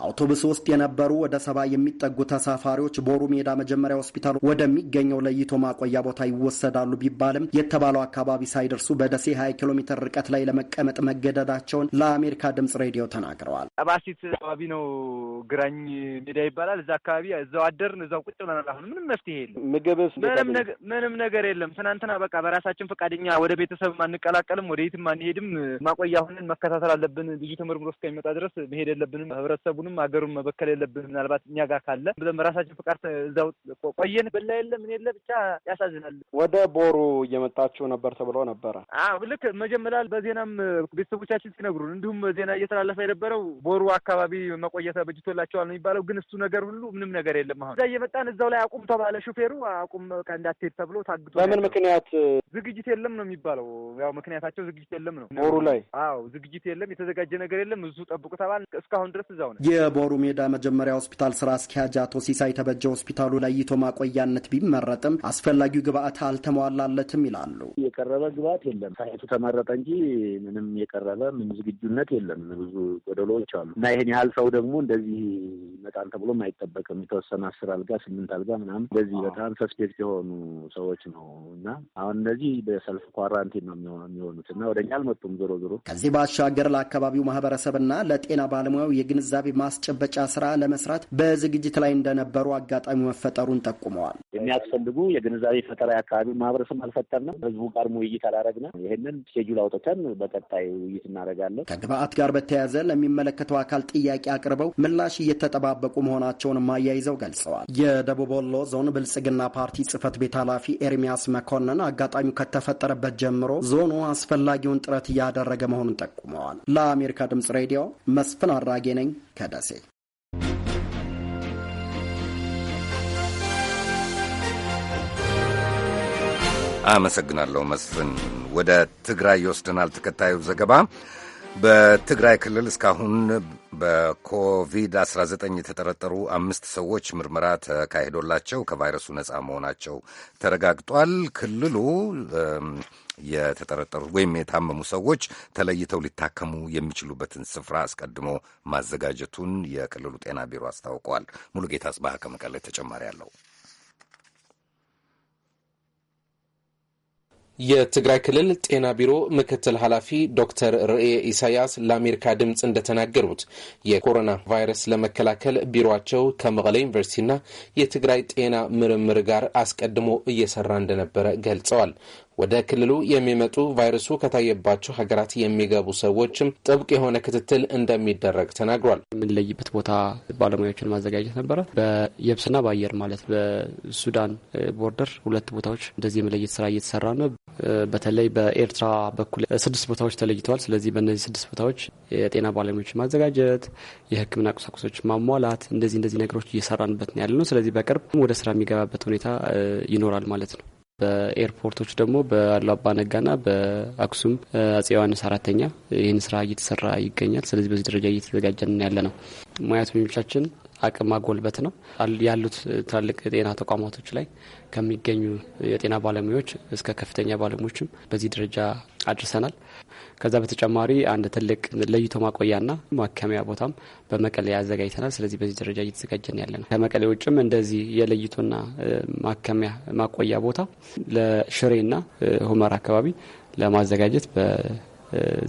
አውቶቡስ ውስጥ የነበሩ ወደ ሰባ የሚጠጉ ተሳፋሪዎች ቦሩ ሜዳ መጀመሪያ ሆስፒታል ወደሚገኘው ለይቶ ማቆያ ቦታ ይወሰዳሉ ቢባልም የተባለው አካባቢ ሳይደርሱ በደሴ 20 ኪሎ ሜትር ርቀት ላይ ለመቀመጥ መገደዳቸውን ለአሜሪካ ድምጽ ሬዲዮ ተናግረዋል። ጠባሲት አካባቢ ነው፣ ግራኝ ሜዳ ይባላል። እዛ አካባቢ እዛው አደርን፣ እዛው ቁጭ ብለናል። አሁን ምንም መፍትሄ የለም፣ ምንም ነገር የለም። ትናንትና በቃ በራሳችን ፈቃደኛ ወደ ቤተሰብ አንቀላቀልም፣ ወደ የትም አንሄድም፣ ማቆያ ሁንን መከታተል አለብን። ልዩ ተመርምሮ እስከሚመጣ ድረስ መሄድ የለብንም ህብረተሰቡን አሁንም ሀገሩን መበከል የለብን ምናልባት እኛ ጋር ካለ ብለን ራሳችን ፍቃድ እዛው ቆየን በላ የለም ምን የለ ብቻ ያሳዝናል። ወደ ቦሩ እየመጣችሁ ነበር ተብሎ ነበረ። አዎ ልክ መጀመሪያ በዜናም ቤተሰቦቻችን ሲነግሩን እንዲሁም ዜና እየተላለፈ የነበረው ቦሩ አካባቢ መቆየት በጅቶላቸዋል ነው የሚባለው። ግን እሱ ነገር ሁሉ ምንም ነገር የለም። አሁን እዛ እየመጣን እዛው ላይ አቁም ተባለ። ሹፌሩ አቁም በቃ እንዳትሄድ ተብሎ ታግቶ በምን ምክንያት ዝግጅት የለም ነው የሚባለው። ያው ምክንያታቸው ዝግጅት የለም ነው ቦሩ ላይ። አዎ ዝግጅት የለም የተዘጋጀ ነገር የለም እሱ ጠብቁ ተባል። እስካሁን ድረስ እዛው ነው የቦሩ ሜዳ መጀመሪያ ሆስፒታል ስራ አስኪያጅ አቶ ሲሳይ ተበጀ ሆስፒታሉ ለይቶ ማቆያነት ቢመረጥም አስፈላጊው ግብአት አልተሟላለትም ይላሉ። የቀረበ ግብአት የለም። ሳይቱ ተመረጠ እንጂ ምንም የቀረበ ምን ዝግጁነት የለም። ብዙ ጎደሎዎች አሉ እና ይህን ያህል ሰው ደግሞ እንደዚህ መጣን ተብሎም አይጠበቅም። የተወሰነ አስር አልጋ ስምንት አልጋ ምናምን እንደዚህ በጣም ሰስፔክት የሆኑ ሰዎች ነው እና አሁን እነዚህ በሰልፍ ኳራንቲን ነው የሚሆኑት እና ወደኛ አልመጡም። ዞሮ ዞሮ ከዚህ ባሻገር ለአካባቢው ማህበረሰብና ለጤና ባለሙያው የግንዛቤ ማስጨበጫ ስራ ለመስራት በዝግጅት ላይ እንደነበሩ አጋጣሚ መፈጠሩን ጠቁመዋል። የሚያስፈልጉ የግንዛቤ ፈጠራ የአካባቢ ማህበረሰብ አልፈጠርንም። ህዝቡ ጋር ውይይት አላረግንም። ይህንን ስኬጁል አውጥተን በቀጣይ ውይይት እናደርጋለን። ከግብአት ጋር በተያያዘ ለሚመለከተው አካል ጥያቄ አቅርበው ምላሽ እየተጠባበቁ መሆናቸውን አያይዘው ገልጸዋል። የደቡብ ወሎ ዞን ብልጽግና ፓርቲ ጽህፈት ቤት ኃላፊ ኤርሚያስ መኮንን አጋጣሚው ከተፈጠረበት ጀምሮ ዞኑ አስፈላጊውን ጥረት እያደረገ መሆኑን ጠቁመዋል። ለአሜሪካ ድምጽ ሬዲዮ መስፍን አራጌ ነኝ ከደሴ። አመሰግናለሁ መስፍን። ወደ ትግራይ ይወስደናል ተከታዩ ዘገባ። በትግራይ ክልል እስካሁን በኮቪድ-19 የተጠረጠሩ አምስት ሰዎች ምርመራ ተካሂዶላቸው ከቫይረሱ ነፃ መሆናቸው ተረጋግጧል። ክልሉ የተጠረጠሩ ወይም የታመሙ ሰዎች ተለይተው ሊታከሙ የሚችሉበትን ስፍራ አስቀድሞ ማዘጋጀቱን የክልሉ ጤና ቢሮ አስታውቋል። ሙሉጌታ ጽባህ ከመቀለ ተጨማሪ አለው። የትግራይ ክልል ጤና ቢሮ ምክትል ኃላፊ ዶክተር ርኤ ኢሳያስ ለአሜሪካ ድምፅ እንደተናገሩት የኮሮና ቫይረስ ለመከላከል ቢሮቸው ከመቀለ ዩኒቨርሲቲና የትግራይ ጤና ምርምር ጋር አስቀድሞ እየሰራ እንደነበረ ገልጸዋል። ወደ ክልሉ የሚመጡ ቫይረሱ ከታየባቸው ሀገራት የሚገቡ ሰዎችም ጥብቅ የሆነ ክትትል እንደሚደረግ ተናግሯል። የምንለይበት ቦታ ባለሙያዎችን ማዘጋጀት ነበረ። በየብስና በአየር ማለት በሱዳን ቦርደር ሁለት ቦታዎች እንደዚህ የመለየት ስራ እየተሰራ ነው። በተለይ በኤርትራ በኩል ስድስት ቦታዎች ተለይተዋል። ስለዚህ በእነዚህ ስድስት ቦታዎች የጤና ባለሙያዎች ማዘጋጀት፣ የሕክምና ቁሳቁሶች ማሟላት፣ እንደዚህ እንደዚህ ነገሮች እየሰራንበት ነው ያለ ነው። ስለዚህ በቅርብ ወደ ስራ የሚገባበት ሁኔታ ይኖራል ማለት ነው። በኤርፖርቶች ደግሞ በአሉ አባ ነጋና በአክሱም አጼ ዮሐንስ አራተኛ ይህን ስራ እየተሰራ ይገኛል። ስለዚህ በዚህ ደረጃ እየተዘጋጀን ያለ ነው ሙያተኞቻችን አቅም ማጎልበት ነው። ያሉት ትላልቅ የጤና ተቋማቶች ላይ ከሚገኙ የጤና ባለሙያዎች እስከ ከፍተኛ ባለሙያዎችም በዚህ ደረጃ አድርሰናል። ከዛ በተጨማሪ አንድ ትልቅ ለይቶ ማቆያና ማከሚያ ቦታም በመቀሌ አዘጋጅተናል። ስለዚህ በዚህ ደረጃ እየተዘጋጀን ያለ ነው። ከመቀሌ ውጭም እንደዚህ የለይቶና ማከሚያ ማቆያ ቦታ ለሽሬና ሁመራ አካባቢ ለማዘጋጀት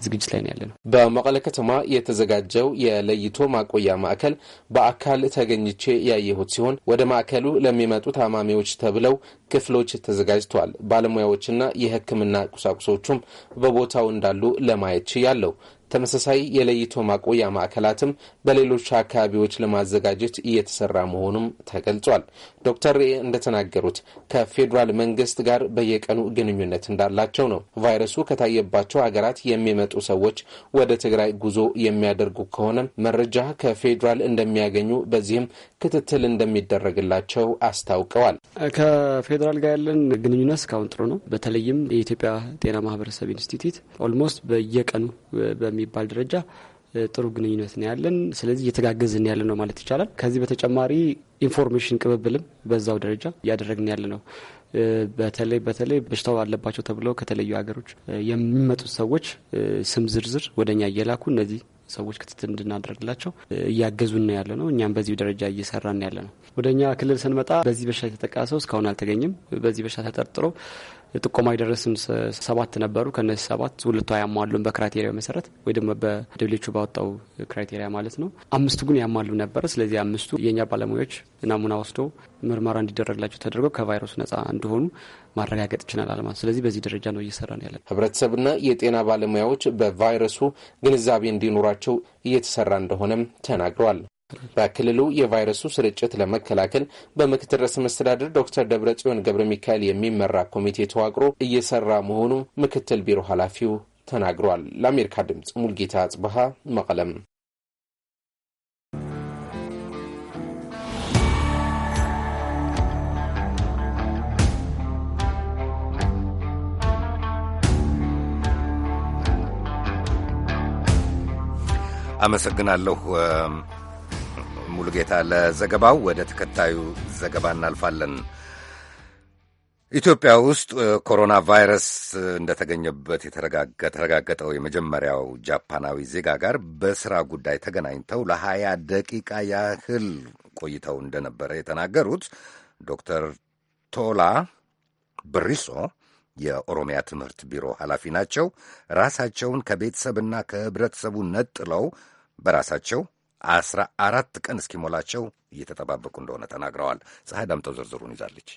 ዝግጅት ላይ ነው ያለ ነው። በመቀለ ከተማ የተዘጋጀው የለይቶ ማቆያ ማዕከል በአካል ተገኝቼ ያየሁት ሲሆን ወደ ማዕከሉ ለሚመጡ ታማሚዎች ተብለው ክፍሎች ተዘጋጅተዋል። ባለሙያዎችና የሕክምና ቁሳቁሶቹም በቦታው እንዳሉ ለማየት ችያለሁ። ተመሳሳይ የለይቶ ማቆያ ማዕከላትም በሌሎች አካባቢዎች ለማዘጋጀት እየተሰራ መሆኑም ተገልጿል። ዶክተር ሬ እንደተናገሩት ከፌዴራል መንግስት ጋር በየቀኑ ግንኙነት እንዳላቸው ነው። ቫይረሱ ከታየባቸው ሀገራት የሚመጡ ሰዎች ወደ ትግራይ ጉዞ የሚያደርጉ ከሆነ መረጃ ከፌዴራል እንደሚያገኙ በዚህም ክትትል እንደሚደረግላቸው አስታውቀዋል። ከፌዴራል ጋር ያለን ግንኙነት እስካሁን ጥሩ ነው። በተለይም የኢትዮጵያ ጤና ማህበረሰብ ኢንስቲትዩት ኦልሞስት በየቀኑ በሚ በሚባል ደረጃ ጥሩ ግንኙነት ነው ያለን። ስለዚህ እየተጋገዝን ያለ ነው ማለት ይቻላል። ከዚህ በተጨማሪ ኢንፎርሜሽን ቅብብልም በዛው ደረጃ እያደረግን ያለ ነው። በተለይ በተለይ በሽታው አለባቸው ተብለው ከተለዩ ሀገሮች የሚመጡት ሰዎች ስም ዝርዝር ወደ እኛ እየላኩ እነዚህ ሰዎች ክትትል እንድናደርግላቸው እያገዙን ነው ያለ ነው። እኛም በዚህ ደረጃ እየሰራን ያለ ነው። ወደ እኛ ክልል ስንመጣ በዚህ በሽታ የተጠቃ ሰው እስካሁን አልተገኘም። በዚህ በሽታ ተጠርጥሮ ጥቆማ የደረሱን ሰባት ነበሩ። ከነዚህ ሰባት ሁለቱ ያሟሉን በክራይቴሪያ መሰረት ወይ ደግሞ በደብሌቹ ባወጣው ክራይቴሪያ ማለት ነው። አምስቱ ግን ያሟሉ ነበረ። ስለዚህ አምስቱ የእኛ ባለሙያዎች ናሙና ወስዶ ምርመራ እንዲደረግላቸው ተደርገው ከቫይረሱ ነጻ እንደሆኑ ማረጋገጥ ይችላል አለማ ስለዚህ በዚህ ደረጃ ነው እየሰራ ነው ያለን። ህብረተሰብና የጤና ባለሙያዎች በቫይረሱ ግንዛቤ እንዲኖራቸው እየተሰራ እንደሆነም ተናግረዋል። በክልሉ የቫይረሱ ስርጭት ለመከላከል በምክትል ርዕሰ መስተዳድር ዶክተር ደብረጽዮን ገብረ ሚካኤል የሚመራ ኮሚቴ ተዋቅሮ እየሰራ መሆኑ ምክትል ቢሮ ኃላፊው ተናግሯል። ለአሜሪካ ድምፅ ሙልጌታ አጽብሃ መቀለም። አመሰግናለሁ። ሙሉጌታ ለዘገባው። ወደ ተከታዩ ዘገባ እናልፋለን። ኢትዮጵያ ውስጥ ኮሮና ቫይረስ እንደተገኘበት የተረጋገጠው የመጀመሪያው ጃፓናዊ ዜጋ ጋር በስራ ጉዳይ ተገናኝተው ለሀያ ደቂቃ ያህል ቆይተው እንደነበረ የተናገሩት ዶክተር ቶላ ብሪሶ የኦሮሚያ ትምህርት ቢሮ ኃላፊ ናቸው። ራሳቸውን ከቤተሰብና ከህብረተሰቡ ነጥለው በራሳቸው አስራ አራት ቀን እስኪሞላቸው እየተጠባበቁ እንደሆነ ተናግረዋል። ፀሐይ ዳምጠው ዝርዝሩን ይዛለች።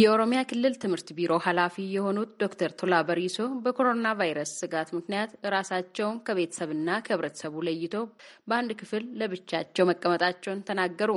የኦሮሚያ ክልል ትምህርት ቢሮ ኃላፊ የሆኑት ዶክተር ቶላ በሪሶ በኮሮና ቫይረስ ስጋት ምክንያት ራሳቸውን ከቤተሰብና ከህብረተሰቡ ለይቶ በአንድ ክፍል ለብቻቸው መቀመጣቸውን ተናገሩ።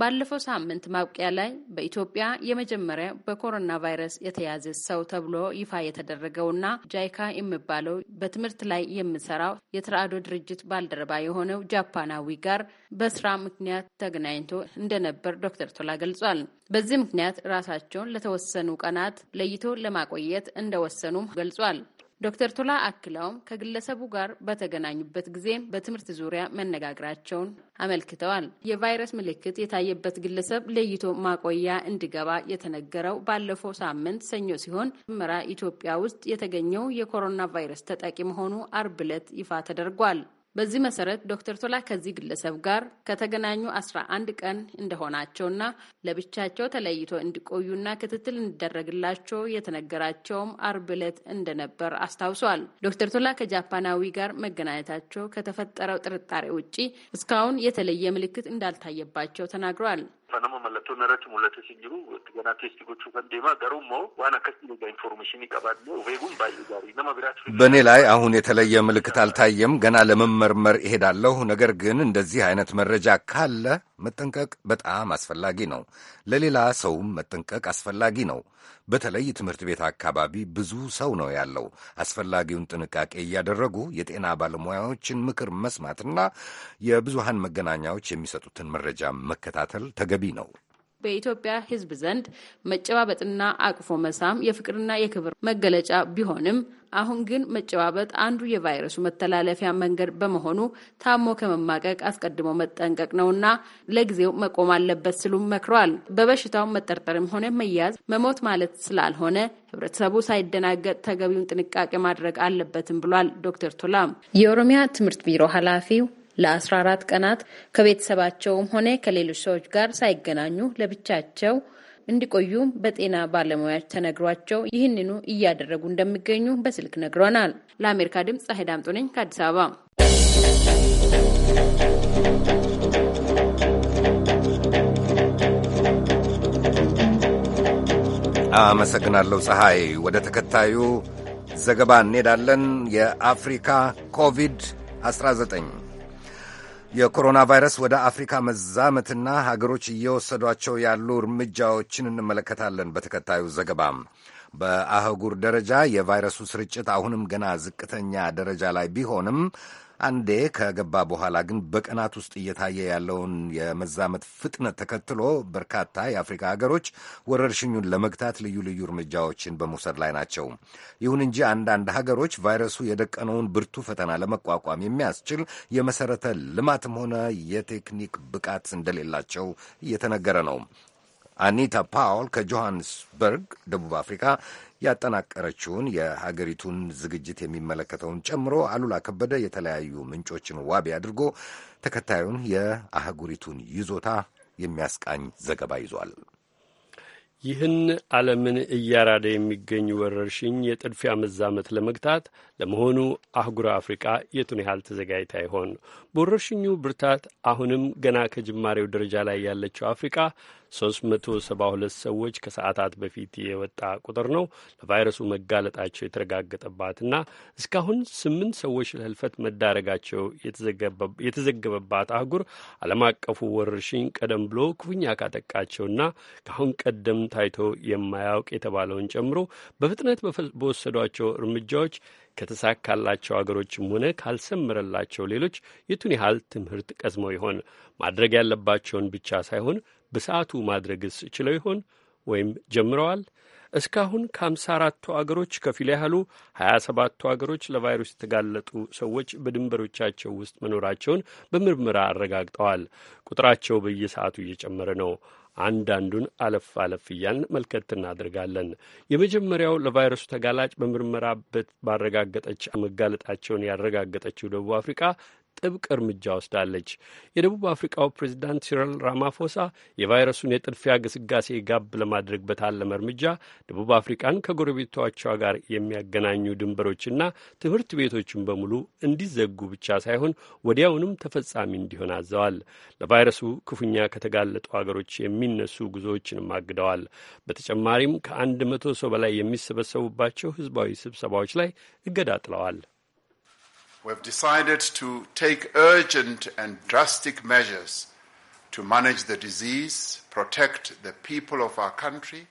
ባለፈው ሳምንት ማብቂያ ላይ በኢትዮጵያ የመጀመሪያ በኮሮና ቫይረስ የተያዘ ሰው ተብሎ ይፋ የተደረገውና ጃይካ የሚባለው በትምህርት ላይ የምሰራው የተራድኦ ድርጅት ባልደረባ የሆነው ጃፓናዊ ጋር በስራ ምክንያት ተገናኝቶ እንደነበር ዶክተር ቶላ ገልጿል። በዚህ ምክንያት ራሳቸውን ለተወሰኑ ቀናት ለይቶ ለማቆየት እንደወሰኑም ገልጿል። ዶክተር ቱላ አክለውም ከግለሰቡ ጋር በተገናኙበት ጊዜ በትምህርት ዙሪያ መነጋገራቸውን አመልክተዋል። የቫይረስ ምልክት የታየበት ግለሰብ ለይቶ ማቆያ እንዲገባ የተነገረው ባለፈው ሳምንት ሰኞ ሲሆን ምራ ኢትዮጵያ ውስጥ የተገኘው የኮሮና ቫይረስ ተጠቂ መሆኑ አርብ ዕለት ይፋ ተደርጓል። በዚህ መሰረት ዶክተር ቶላ ከዚህ ግለሰብ ጋር ከተገናኙ አስራ አንድ ቀን እንደሆናቸውና ለብቻቸው ተለይቶ እንዲቆዩና ክትትል እንዲደረግላቸው የተነገራቸውም አርብ ዕለት እንደነበር አስታውሷል። ዶክተር ቶላ ከጃፓናዊ ጋር መገናኘታቸው ከተፈጠረው ጥርጣሬ ውጪ እስካሁን የተለየ ምልክት እንዳልታየባቸው ተናግረዋል። kanama mallattoon irratti mul'ate hin jiru itti ganaatti gochuu kan deema garuu immoo waan akkasii gaa informeeshinii qabaatne beekuun baay'ee gaarii nama biraatu በእኔ ላይ አሁን የተለየ ምልክት አልታየም። ገና ለመመርመር እሄዳለሁ። ነገር ግን እንደዚህ አይነት መረጃ ካለ መጠንቀቅ በጣም አስፈላጊ ነው። ለሌላ ሰውም መጠንቀቅ አስፈላጊ ነው። በተለይ ትምህርት ቤት አካባቢ ብዙ ሰው ነው ያለው። አስፈላጊውን ጥንቃቄ እያደረጉ የጤና ባለሙያዎችን ምክር መስማትና የብዙሃን መገናኛዎች የሚሰጡትን መረጃ መከታተል ተገቢ ነው። በኢትዮጵያ ሕዝብ ዘንድ መጨባበጥና አቅፎ መሳም የፍቅርና የክብር መገለጫ ቢሆንም አሁን ግን መጨባበጥ አንዱ የቫይረሱ መተላለፊያ መንገድ በመሆኑ ታሞ ከመማቀቅ አስቀድሞ መጠንቀቅ ነውና ለጊዜው መቆም አለበት ሲሉ መክረዋል። በበሽታው መጠርጠርም ሆነ መያዝ መሞት ማለት ስላልሆነ ህብረተሰቡ ሳይደናገጥ ተገቢውን ጥንቃቄ ማድረግ አለበትም ብሏል ዶክተር ቶላም የኦሮሚያ ትምህርት ቢሮ ኃላፊው ለ14 ቀናት ከቤተሰባቸውም ሆነ ከሌሎች ሰዎች ጋር ሳይገናኙ ለብቻቸው እንዲቆዩ በጤና ባለሙያዎች ተነግሯቸው ይህንኑ እያደረጉ እንደሚገኙ በስልክ ነግረናል። ለአሜሪካ ድምፅ ፀሐይ ዳምጦ ነኝ ከአዲስ አበባ። አመሰግናለሁ ፀሐይ። ወደ ተከታዩ ዘገባ እንሄዳለን። የአፍሪካ ኮቪድ-19 የኮሮና ቫይረስ ወደ አፍሪካ መዛመትና ሀገሮች እየወሰዷቸው ያሉ እርምጃዎችን እንመለከታለን። በተከታዩ ዘገባም በአህጉር ደረጃ የቫይረሱ ስርጭት አሁንም ገና ዝቅተኛ ደረጃ ላይ ቢሆንም አንዴ ከገባ በኋላ ግን በቀናት ውስጥ እየታየ ያለውን የመዛመት ፍጥነት ተከትሎ በርካታ የአፍሪካ ሀገሮች ወረርሽኙን ለመግታት ልዩ ልዩ እርምጃዎችን በመውሰድ ላይ ናቸው። ይሁን እንጂ አንዳንድ ሀገሮች ቫይረሱ የደቀነውን ብርቱ ፈተና ለመቋቋም የሚያስችል የመሰረተ ልማትም ሆነ የቴክኒክ ብቃት እንደሌላቸው እየተነገረ ነው። አኒታ ፓውል ከጆሃንስበርግ ደቡብ አፍሪካ ያጠናቀረችውን የሀገሪቱን ዝግጅት የሚመለከተውን ጨምሮ አሉላ ከበደ የተለያዩ ምንጮችን ዋቢ አድርጎ ተከታዩን የአህጉሪቱን ይዞታ የሚያስቃኝ ዘገባ ይዟል። ይህን ዓለምን እያራደ የሚገኝ ወረርሽኝ የጥድፊያ መዛመት ለመግታት ለመሆኑ አህጉረ አፍሪቃ የቱን ያህል ተዘጋጅታ ይሆን? በወረርሽኙ ብርታት አሁንም ገና ከጅማሬው ደረጃ ላይ ያለችው አፍሪቃ 372 ሰዎች ከሰዓታት በፊት የወጣ ቁጥር ነው። ለቫይረሱ መጋለጣቸው የተረጋገጠባትና እስካሁን ስምንት ሰዎች ለህልፈት መዳረጋቸው የተዘገበባት አህጉር ዓለም አቀፉ ወረርሽኝ ቀደም ብሎ ክፉኛ ካጠቃቸውና ከአሁን ቀደም ታይቶ የማያውቅ የተባለውን ጨምሮ በፍጥነት በወሰዷቸው እርምጃዎች ከተሳካላቸው አገሮችም ሆነ ካልሰመረላቸው ሌሎች የቱን ያህል ትምህርት ቀስመው ይሆን? ማድረግ ያለባቸውን ብቻ ሳይሆን በሰዓቱ ማድረግስ ችለው ይሆን ወይም ጀምረዋል? እስካሁን ከሀምሳ አራቱ አገሮች ከፊል ያህሉ ሀያ ሰባቱ አገሮች ለቫይረስ የተጋለጡ ሰዎች በድንበሮቻቸው ውስጥ መኖራቸውን በምርመራ አረጋግጠዋል። ቁጥራቸው በየሰዓቱ እየጨመረ ነው። አንዳንዱን አለፍ አለፍ እያልን መልከት እናደርጋለን። የመጀመሪያው ለቫይረሱ ተጋላጭ በምርመራበት ባረጋገጠች መጋለጣቸውን ያረጋገጠችው ደቡብ አፍሪካ ጥብቅ እርምጃ ወስዳለች። የደቡብ አፍሪካው ፕሬዚዳንት ሲረል ራማፎሳ የቫይረሱን የጥድፊያ ግስጋሴ ጋብ ለማድረግ በታለመ እርምጃ ደቡብ አፍሪካን ከጎረቤቶቿ ጋር የሚያገናኙ ድንበሮችና ትምህርት ቤቶችን በሙሉ እንዲዘጉ ብቻ ሳይሆን ወዲያውንም ተፈጻሚ እንዲሆን አዘዋል። ለቫይረሱ ክፉኛ ከተጋለጡ ሀገሮች የሚነሱ ጉዞዎችንም አግደዋል። በተጨማሪም ከአንድ መቶ ሰው በላይ የሚሰበሰቡባቸው ህዝባዊ ስብሰባዎች ላይ እገዳ ጥለዋል። we have decided to take urgent and drastic measures to manage the disease, protect the people of our country,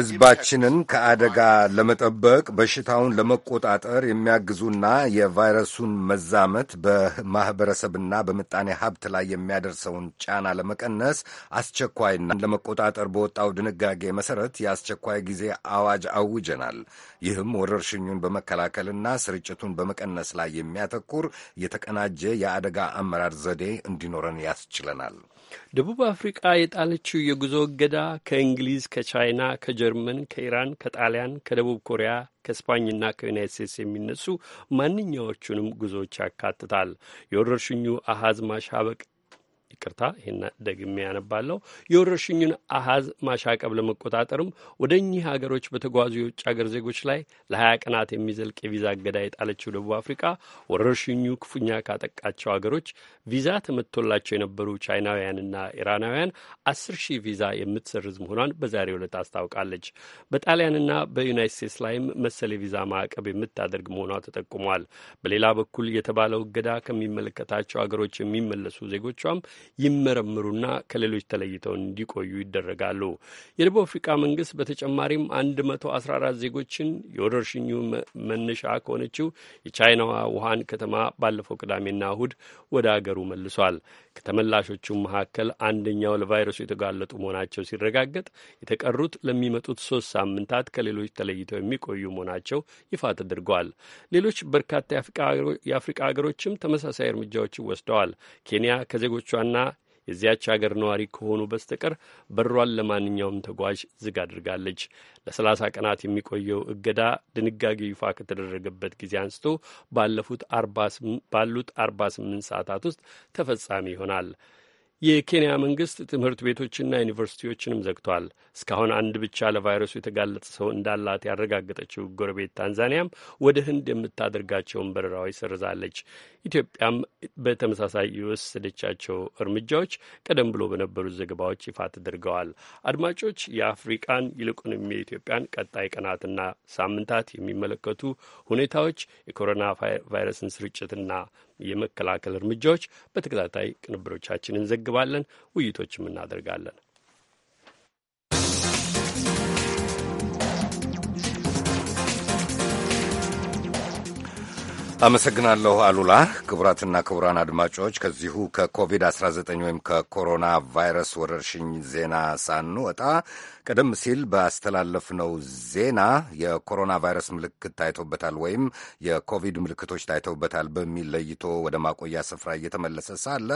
ሕዝባችንን ከአደጋ ለመጠበቅ በሽታውን ለመቆጣጠር የሚያግዙና የቫይረሱን መዛመት በማኅበረሰብና በምጣኔ ሀብት ላይ የሚያደርሰውን ጫና ለመቀነስ አስቸኳይና ለመቆጣጠር በወጣው ድንጋጌ መሠረት የአስቸኳይ ጊዜ አዋጅ አውጀናል። ይህም ወረርሽኙን በመከላከልና ስርጭቱን በመቀነስ ላይ የሚያተኩር የተቀናጀ የአደጋ አመራር ዘዴ እንዲኖረን ያስችለናል። ደቡብ አፍሪቃ የጣለችው የጉዞ እገዳ ከእንግሊዝ፣ ከቻይና፣ ከጀርመን፣ ከኢራን፣ ከጣሊያን፣ ከደቡብ ኮሪያ፣ ከስፓኝና ከዩናይት ስቴትስ የሚነሱ ማንኛዎቹንም ጉዞዎች ያካትታል። የወረርሽኙ አሃዝ ማሻበቅ ይቅርታ ይሄን ደግሜ ያነባለሁ። የወረርሽኙን አሀዝ ማሻቀብ ለመቆጣጠርም ወደ እኚህ ሀገሮች በተጓዙ የውጭ ሀገር ዜጎች ላይ ለሀያ ቀናት የሚዘልቅ የቪዛ እገዳ የጣለችው ደቡብ አፍሪካ ወረርሽኙ ክፉኛ ካጠቃቸው ሀገሮች ቪዛ ተመቶላቸው የነበሩ ቻይናውያንና ኢራናውያን አስር ሺህ ቪዛ የምትሰርዝ መሆኗን በዛሬው ዕለት አስታውቃለች። በጣሊያንና በዩናይት ስቴትስ ላይም መሰል የቪዛ ማዕቀብ የምታደርግ መሆኗ ተጠቁሟል። በሌላ በኩል የተባለው እገዳ ከሚመለከታቸው ሀገሮች የሚመለሱ ዜጎቿም ይመረምሩና ከሌሎች ተለይተው እንዲቆዩ ይደረጋሉ። የደቡብ አፍሪካ መንግስት በተጨማሪም 114 ዜጎችን የወረርሽኙ መነሻ ከሆነችው የቻይናዋ ውሃን ከተማ ባለፈው ቅዳሜና እሁድ ወደ አገሩ መልሷል። ከተመላሾቹ መካከል አንደኛው ለቫይረሱ የተጋለጡ መሆናቸው ሲረጋገጥ የተቀሩት ለሚመጡት ሶስት ሳምንታት ከሌሎች ተለይተው የሚቆዩ መሆናቸው ይፋ ተደርገዋል። ሌሎች በርካታ የአፍሪቃ ሀገሮችም ተመሳሳይ እርምጃዎችን ወስደዋል። ኬንያ ከዜጎቿ ከሆኑና የዚያች አገር ነዋሪ ከሆኑ በስተቀር በሯን ለማንኛውም ተጓዥ ዝግ አድርጋለች። ለሰላሳ ቀናት የሚቆየው እገዳ ድንጋጌ ይፋ ከተደረገበት ጊዜ አንስቶ ባለፉት ባሉት አርባ ስምንት ሰዓታት ውስጥ ተፈጻሚ ይሆናል። የኬንያ መንግስት ትምህርት ቤቶችና ዩኒቨርሲቲዎችንም ዘግቷል። እስካሁን አንድ ብቻ ለቫይረሱ የተጋለጠ ሰው እንዳላት ያረጋገጠችው ጎረቤት ታንዛኒያም ወደ ህንድ የምታደርጋቸውን በረራዎች ሰርዛለች። ኢትዮጵያም በተመሳሳይ የወሰደቻቸው እርምጃዎች ቀደም ብሎ በነበሩት ዘገባዎች ይፋ ተደርገዋል። አድማጮች፣ የአፍሪቃን ይልቁንም የኢትዮጵያን ቀጣይ ቀናትና ሳምንታት የሚመለከቱ ሁኔታዎች የኮሮና ቫይረስን ስርጭትና የመከላከል እርምጃዎች በተከታታይ ቅንብሮቻችን እንዘግባለን፣ ውይይቶችም እናደርጋለን። አመሰግናለሁ አሉላ። ክቡራትና ክቡራን አድማጮች ከዚሁ ከኮቪድ-19 ወይም ከኮሮና ቫይረስ ወረርሽኝ ዜና ሳንወጣ ቀደም ሲል ባስተላለፍነው ዜና የኮሮና ቫይረስ ምልክት ታይቶበታል ወይም የኮቪድ ምልክቶች ታይተውበታል በሚል ለይቶ ወደ ማቆያ ስፍራ እየተመለሰ ሳለ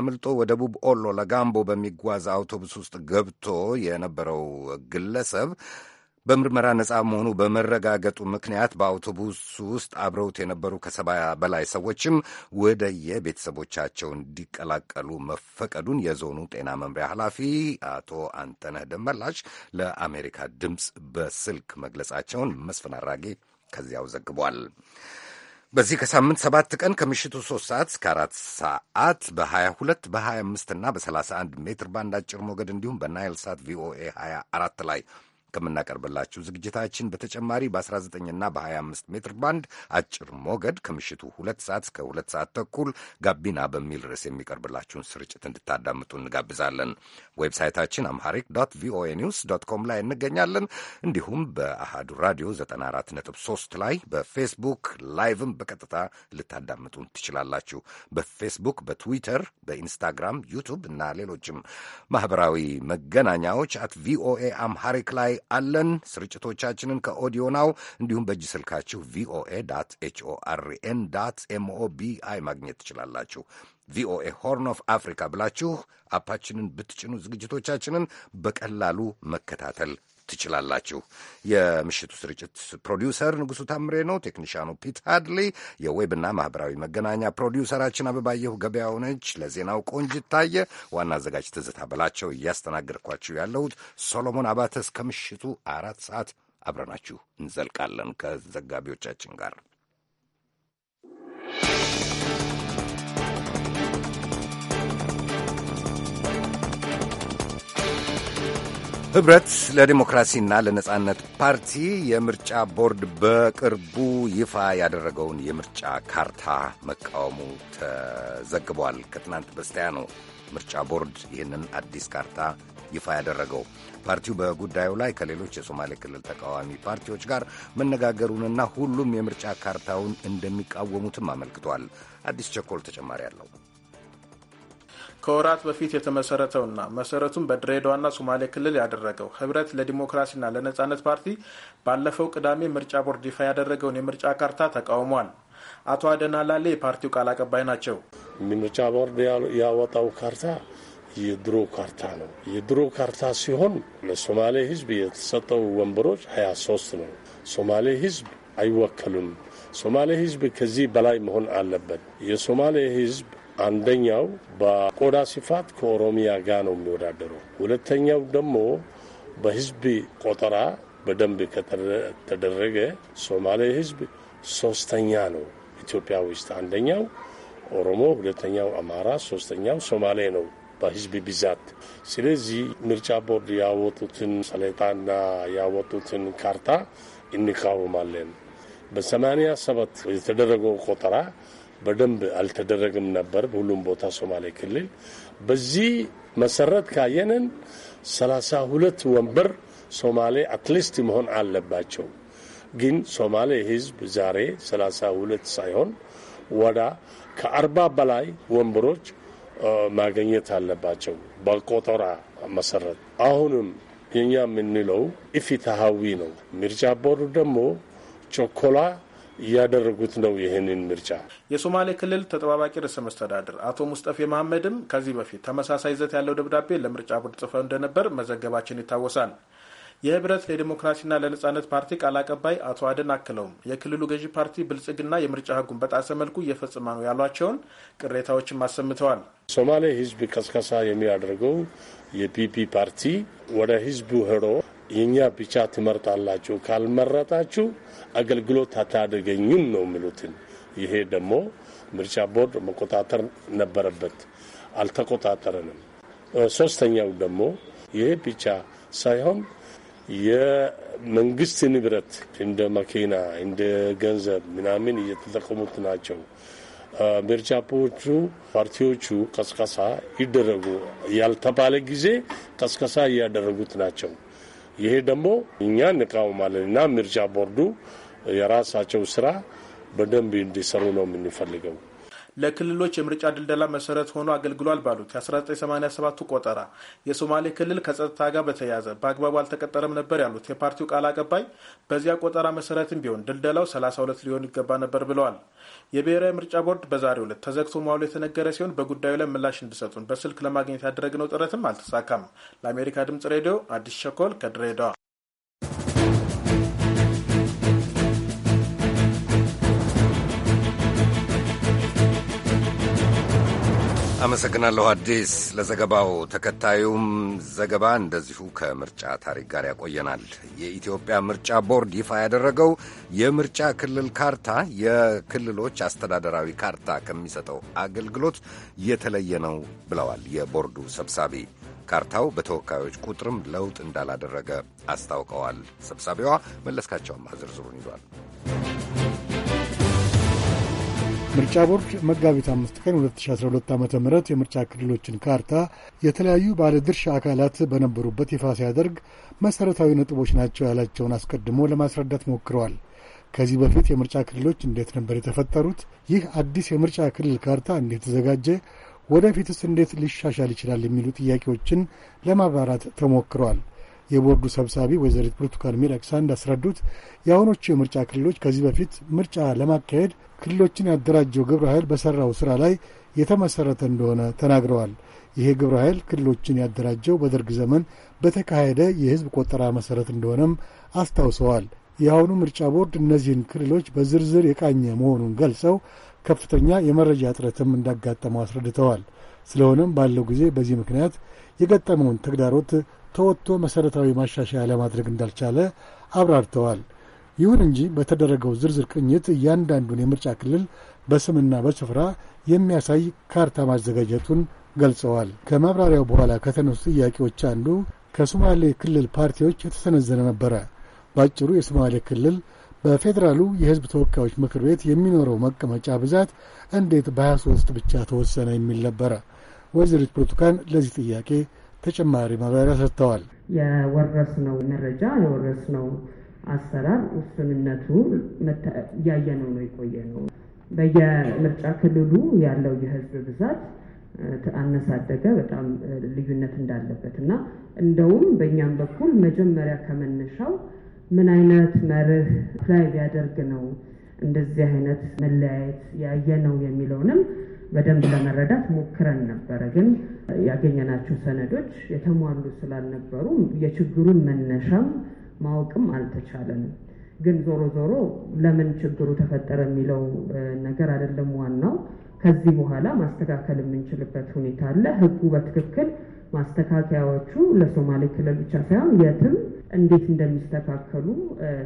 አምልጦ ወደ ደቡብ ኦሎ ለጋምቦ በሚጓዝ አውቶቡስ ውስጥ ገብቶ የነበረው ግለሰብ በምርመራ ነፃ መሆኑ በመረጋገጡ ምክንያት በአውቶቡስ ውስጥ አብረውት የነበሩ ከሰባ በላይ ሰዎችም ወደ የቤተሰቦቻቸው እንዲቀላቀሉ መፈቀዱን የዞኑ ጤና መምሪያ ኃላፊ አቶ አንተነህ ደመላሽ ለአሜሪካ ድምፅ በስልክ መግለጻቸውን መስፍን አራጌ ከዚያው ዘግቧል። በዚህ ከሳምንት ሰባት ቀን ከምሽቱ 3 ሰዓት እስከ 4 ሰዓት በ22 በ25 እና በ31 ሜትር ባንድ አጭር ሞገድ እንዲሁም በናይል ሳት ቪኦኤ 24 ላይ ከምናቀርብላችሁ ዝግጅታችን በተጨማሪ በ19ና በ25 ሜትር ባንድ አጭር ሞገድ ከምሽቱ ሁለት ሰዓት እስከ ሁለት ሰዓት ተኩል ጋቢና በሚል ርዕስ የሚቀርብላችሁን ስርጭት እንድታዳምጡ እንጋብዛለን። ዌብሳይታችን አምሐሪክ ዶት ቪኦኤ ኒውስ ዶት ኮም ላይ እንገኛለን። እንዲሁም በአሃዱ ራዲዮ 94.3 ላይ በፌስቡክ ላይቭም በቀጥታ ልታዳምጡን ትችላላችሁ። በፌስቡክ፣ በትዊተር፣ በኢንስታግራም፣ ዩቱብ እና ሌሎችም ማህበራዊ መገናኛዎች አት ቪኦኤ አምሐሪክ ላይ ላይ አለን። ስርጭቶቻችንን ከኦዲዮ ናው እንዲሁም በእጅ ስልካችሁ ቪኦኤ ዳት ኤችኦአርኤን ዳት ማግኘት ትችላላችሁ። ቪኦኤ ሆርን ኦፍ አፍሪካ ብላችሁ አፓችንን ብትጭኑ ዝግጅቶቻችንን በቀላሉ መከታተል ትችላላችሁ። የምሽቱ ስርጭት ፕሮዲውሰር ንጉሡ ታምሬ ነው። ቴክኒሻኑ ፒት ሃድሊ፣ የዌብና ማኅበራዊ መገናኛ ፕሮዲውሰራችን አበባየሁ ገበያው ነች። ለዜናው ቆንጅ ይታየ ዋና አዘጋጅ ትዝታ በላቸው። እያስተናገድኳችሁ ያለሁት ሶሎሞን አባተ። እስከ ምሽቱ አራት ሰዓት አብረናችሁ እንዘልቃለን ከዘጋቢዎቻችን ጋር። ኅብረት ለዲሞክራሲና ለነጻነት ፓርቲ የምርጫ ቦርድ በቅርቡ ይፋ ያደረገውን የምርጫ ካርታ መቃወሙ ተዘግቧል። ከትናንት በስቲያ ነው ምርጫ ቦርድ ይህንን አዲስ ካርታ ይፋ ያደረገው። ፓርቲው በጉዳዩ ላይ ከሌሎች የሶማሌ ክልል ተቃዋሚ ፓርቲዎች ጋር መነጋገሩንና ሁሉም የምርጫ ካርታውን እንደሚቃወሙትም አመልክቷል። አዲስ ቸኮል ተጨማሪ አለው። ከወራት በፊት የተመሰረተውና መሰረቱን በድሬዳዋና ሶማሌ ክልል ያደረገው ህብረት ለዲሞክራሲና ለነጻነት ፓርቲ ባለፈው ቅዳሜ ምርጫ ቦርድ ይፋ ያደረገውን የምርጫ ካርታ ተቃውሟል። አቶ አደና ላሌ የፓርቲው ቃል አቀባይ ናቸው። ምርጫ ቦርድ ያወጣው ካርታ የድሮ ካርታ ነው። የድሮ ካርታ ሲሆን ለሶማሌ ህዝብ የተሰጠው ወንበሮች 23 ነው። ሶማሌ ህዝብ አይወከሉም። ሶማሌ ህዝብ ከዚህ በላይ መሆን አለበት። የሶማሌ ህዝብ አንደኛው በቆዳ ስፋት ከኦሮሚያ ጋር ነው የሚወዳደረው። ሁለተኛው ደግሞ በህዝብ ቆጠራ በደንብ ከተደረገ ሶማሌ ህዝብ ሶስተኛ ነው ኢትዮጵያ ውስጥ። አንደኛው ኦሮሞ፣ ሁለተኛው አማራ፣ ሶስተኛው ሶማሌ ነው በህዝብ ብዛት። ስለዚህ ምርጫ ቦርድ ያወጡትን ሰሌጣና ያወጡትን ካርታ እንቃወማለን። በሰማንያ ሰባት የተደረገው ቆጠራ በደንብ አልተደረገም ነበር በሁሉም ቦታ ሶማሌ ክልል። በዚህ መሰረት ካየንን ሰላሳ ሁለት ወንበር ሶማሌ አትሊስት መሆን አለባቸው። ግን ሶማሌ ህዝብ ዛሬ ሰላሳ ሁለት ሳይሆን ወዳ ከአርባ በላይ ወንበሮች ማግኘት አለባቸው በቆጠራ መሰረት። አሁንም የኛ የምንለው ኢፍትሃዊ ነው። ምርጫ ቦርዱ ደግሞ ቾኮላ እያደረጉት ነው ይህንን ምርጫ። የሶማሌ ክልል ተጠባባቂ ርዕሰ መስተዳድር አቶ ሙስጠፌ መሐመድም ከዚህ በፊት ተመሳሳይ ይዘት ያለው ደብዳቤ ለምርጫ ቦርድ ጽፈው እንደነበር መዘገባችን ይታወሳል። የህብረት ለዲሞክራሲና ለነጻነት ፓርቲ ቃል አቀባይ አቶ አደን አክለውም የክልሉ ገዢ ፓርቲ ብልጽግና የምርጫ ህጉን በጣሰ መልኩ እየፈጽማ ነው ያሏቸውን ቅሬታዎችም አሰምተዋል። ሶማሌ ህዝብ ቀስቀሳ የሚያደርገው የፒፒ ፓርቲ ወደ ህዝቡ ሄሮ የእኛ ብቻ ትመርጣላችሁ፣ ካልመረጣችሁ አገልግሎት አታደገኙም ነው የሚሉትን። ይሄ ደግሞ ምርጫ ቦርድ መቆጣጠር ነበረበት፣ አልተቆጣጠረንም። ሶስተኛው ደግሞ ይሄ ብቻ ሳይሆን የመንግስት ንብረት እንደ መኪና እንደ ገንዘብ ምናምን እየተጠቀሙት ናቸው። ምርጫ ቦርዱ ፓርቲዎቹ ቀስቀሳ ይደረጉ ያልተባለ ጊዜ ቀስቀሳ እያደረጉት ናቸው። ይሄ ደግሞ እኛ እንቃወማለን እና ምርጫ ቦርዱ የራሳቸው ስራ በደንብ እንዲሰሩ ነው የምንፈልገው። ለክልሎች የምርጫ ድልደላ መሰረት ሆኖ አገልግሏል ባሉት የ1987 ቆጠራ የሶማሌ ክልል ከጸጥታ ጋር በተያያዘ በአግባቡ አልተቀጠረም ነበር ያሉት የፓርቲው ቃል አቀባይ በዚያ ቆጠራ መሰረትም ቢሆን ድልደላው 32 ሊሆን ይገባ ነበር ብለዋል። የብሔራዊ ምርጫ ቦርድ በዛሬው ዕለት ተዘግቶ መዋሉ የተነገረ ሲሆን በጉዳዩ ላይ ምላሽ እንዲሰጡን በስልክ ለማግኘት ያደረግነው ጥረትም አልተሳካም። ለአሜሪካ ድምጽ ሬዲዮ አዲስ ሸኮል ከድሬዳዋ አመሰግናለሁ አዲስ ለዘገባው። ተከታዩም ዘገባ እንደዚሁ ከምርጫ ታሪክ ጋር ያቆየናል። የኢትዮጵያ ምርጫ ቦርድ ይፋ ያደረገው የምርጫ ክልል ካርታ የክልሎች አስተዳደራዊ ካርታ ከሚሰጠው አገልግሎት የተለየ ነው ብለዋል የቦርዱ ሰብሳቢ። ካርታው በተወካዮች ቁጥርም ለውጥ እንዳላደረገ አስታውቀዋል። ሰብሳቢዋ መለስካቸውም ዝርዝሩን ይዟል። ምርጫ ቦርድ መጋቢት አምስት ቀን 2012 ዓ ም የምርጫ ክልሎችን ካርታ የተለያዩ ባለድርሻ አካላት በነበሩበት ይፋ ሲያደርግ መሠረታዊ ነጥቦች ናቸው ያላቸውን አስቀድሞ ለማስረዳት ሞክረዋል። ከዚህ በፊት የምርጫ ክልሎች እንዴት ነበር የተፈጠሩት? ይህ አዲስ የምርጫ ክልል ካርታ እንዴት ተዘጋጀ? ወደፊትስ እንዴት ሊሻሻል ይችላል? የሚሉ ጥያቄዎችን ለማብራራት ተሞክረዋል። የቦርዱ ሰብሳቢ ወይዘሪት ብርቱካን ሚደቅሳ እንዳስረዱት የአሁኖቹ የምርጫ ክልሎች ከዚህ በፊት ምርጫ ለማካሄድ ክልሎችን ያደራጀው ግብረ ኃይል በሠራው ሥራ ላይ የተመሠረተ እንደሆነ ተናግረዋል። ይሄ ግብረ ኃይል ክልሎችን ያደራጀው በደርግ ዘመን በተካሄደ የሕዝብ ቆጠራ መሠረት እንደሆነም አስታውሰዋል። የአሁኑ ምርጫ ቦርድ እነዚህን ክልሎች በዝርዝር የቃኘ መሆኑን ገልጸው ከፍተኛ የመረጃ እጥረትም እንዳጋጠመው አስረድተዋል። ስለሆነም ባለው ጊዜ በዚህ ምክንያት የገጠመውን ተግዳሮት ተወጥቶ መሠረታዊ ማሻሻያ ለማድረግ እንዳልቻለ አብራርተዋል። ይሁን እንጂ በተደረገው ዝርዝር ቅኝት እያንዳንዱን የምርጫ ክልል በስምና በስፍራ የሚያሳይ ካርታ ማዘጋጀቱን ገልጸዋል። ከማብራሪያው በኋላ ከተነሱ ጥያቄዎች አንዱ ከሶማሌ ክልል ፓርቲዎች የተሰነዘነ ነበረ። ባጭሩ የሶማሌ ክልል በፌዴራሉ የሕዝብ ተወካዮች ምክር ቤት የሚኖረው መቀመጫ ብዛት እንዴት በ23 ብቻ ተወሰነ የሚል ነበረ። ወይዘሪት ብርቱካን ለዚህ ጥያቄ ተጨማሪ ማብራሪያ ሰጥተዋል። የወረስነው መረጃ የወረስነው አሰራር ውስንነቱ እያየነው ነው የቆየ ነው። በየምርጫ ክልሉ ያለው የህዝብ ብዛት አነሳደገ በጣም ልዩነት እንዳለበት እና እንደውም በእኛም በኩል መጀመሪያ ከመነሻው ምን አይነት መርህ ላይ ቢያደርግ ነው እንደዚህ አይነት መለያየት ያየ ነው የሚለውንም በደንብ ለመረዳት ሞክረን ነበረ። ግን ያገኘናቸው ሰነዶች የተሟሉ ስላልነበሩ የችግሩን መነሻም ማወቅም አልተቻለንም። ግን ዞሮ ዞሮ ለምን ችግሩ ተፈጠረ የሚለው ነገር አይደለም ዋናው። ከዚህ በኋላ ማስተካከል የምንችልበት ሁኔታ አለ። ህጉ በትክክል ማስተካከያዎቹ ለሶማሌ ክልል ብቻ ሳይሆን የትም እንዴት እንደሚስተካከሉ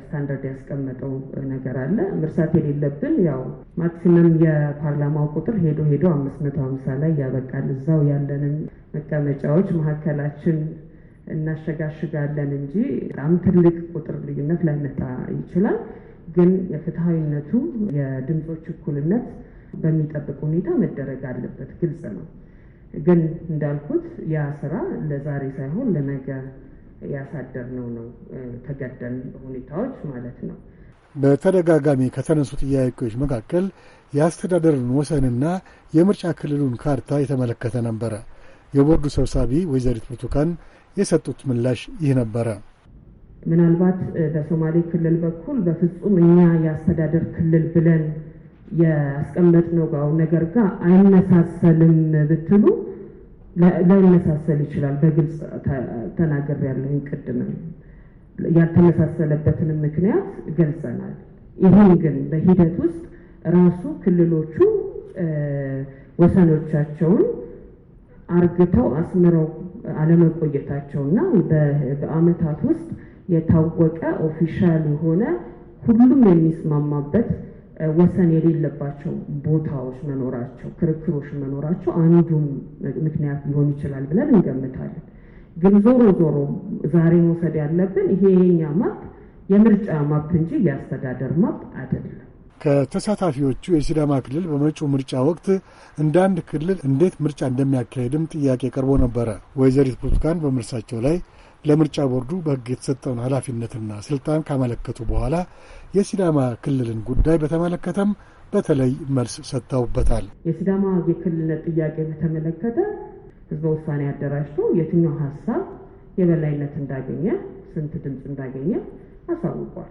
ስታንዳርድ ያስቀመጠው ነገር አለ። ምርሳት የሌለብን ያው ማክሲመም የፓርላማው ቁጥር ሄዶ ሄዶ አምስት መቶ ሀምሳ ላይ ያበቃል። እዛው ያለንን መቀመጫዎች መሀከላችን እናሸጋሽጋለን እንጂ በጣም ትልቅ ቁጥር ልዩነት ላይመጣ ይችላል። ግን የፍትሐዊነቱ የድምፆች እኩልነት በሚጠብቅ ሁኔታ መደረግ አለበት። ግልጽ ነው። ግን እንዳልኩት ያ ስራ ለዛሬ ሳይሆን ለነገ ያሳደርነው ነው። ተገደን ሁኔታዎች ማለት ነው። በተደጋጋሚ ከተነሱ ጥያቄዎች መካከል የአስተዳደርን ወሰንና የምርጫ ክልሉን ካርታ የተመለከተ ነበረ። የቦርዱ ሰብሳቢ ወይዘሪት ብርቱካን የሰጡት ምላሽ ይህ ነበረ። ምናልባት በሶማሌ ክልል በኩል በፍጹም እኛ የአስተዳደር ክልል ብለን ያስቀመጥነው ነገር ጋር አይመሳሰልም ብትሉ ላይመሳሰል ይችላል። በግልጽ ተናግሬያለሁ። ቅድም ያልተመሳሰለበትንም ምክንያት ገልጸናል። ይህም ግን በሂደት ውስጥ ራሱ ክልሎቹ ወሰኖቻቸውን አርግተው አስምረው አለመቆየታቸውና በአመታት ውስጥ የታወቀ ኦፊሻል የሆነ ሁሉም የሚስማማበት ወሰን የሌለባቸው ቦታዎች መኖራቸው፣ ክርክሮች መኖራቸው አንዱም ምክንያት ሊሆን ይችላል ብለን እንገምታለን። ግን ዞሮ ዞሮ ዛሬ መውሰድ ያለብን ይሄ የኛ ማፕ የምርጫ ማፕ እንጂ የአስተዳደር ማፕ አይደለም። ከተሳታፊዎቹ የሲዳማ ክልል በመጪው ምርጫ ወቅት እንደ አንድ ክልል እንዴት ምርጫ እንደሚያካሄድም ጥያቄ ቀርቦ ነበረ። ወይዘሪት ብርቱካን በምርሳቸው ላይ ለምርጫ ቦርዱ በሕግ የተሰጠውን ኃላፊነትና ስልጣን ካመለከቱ በኋላ የሲዳማ ክልልን ጉዳይ በተመለከተም በተለይ መልስ ሰጥተውበታል። የሲዳማ የክልልነት ጥያቄ በተመለከተ ህዝበ ውሳኔ አደራጅቶ የትኛው ሀሳብ የበላይነት እንዳገኘ፣ ስንት ድምፅ እንዳገኘ አሳውቋል።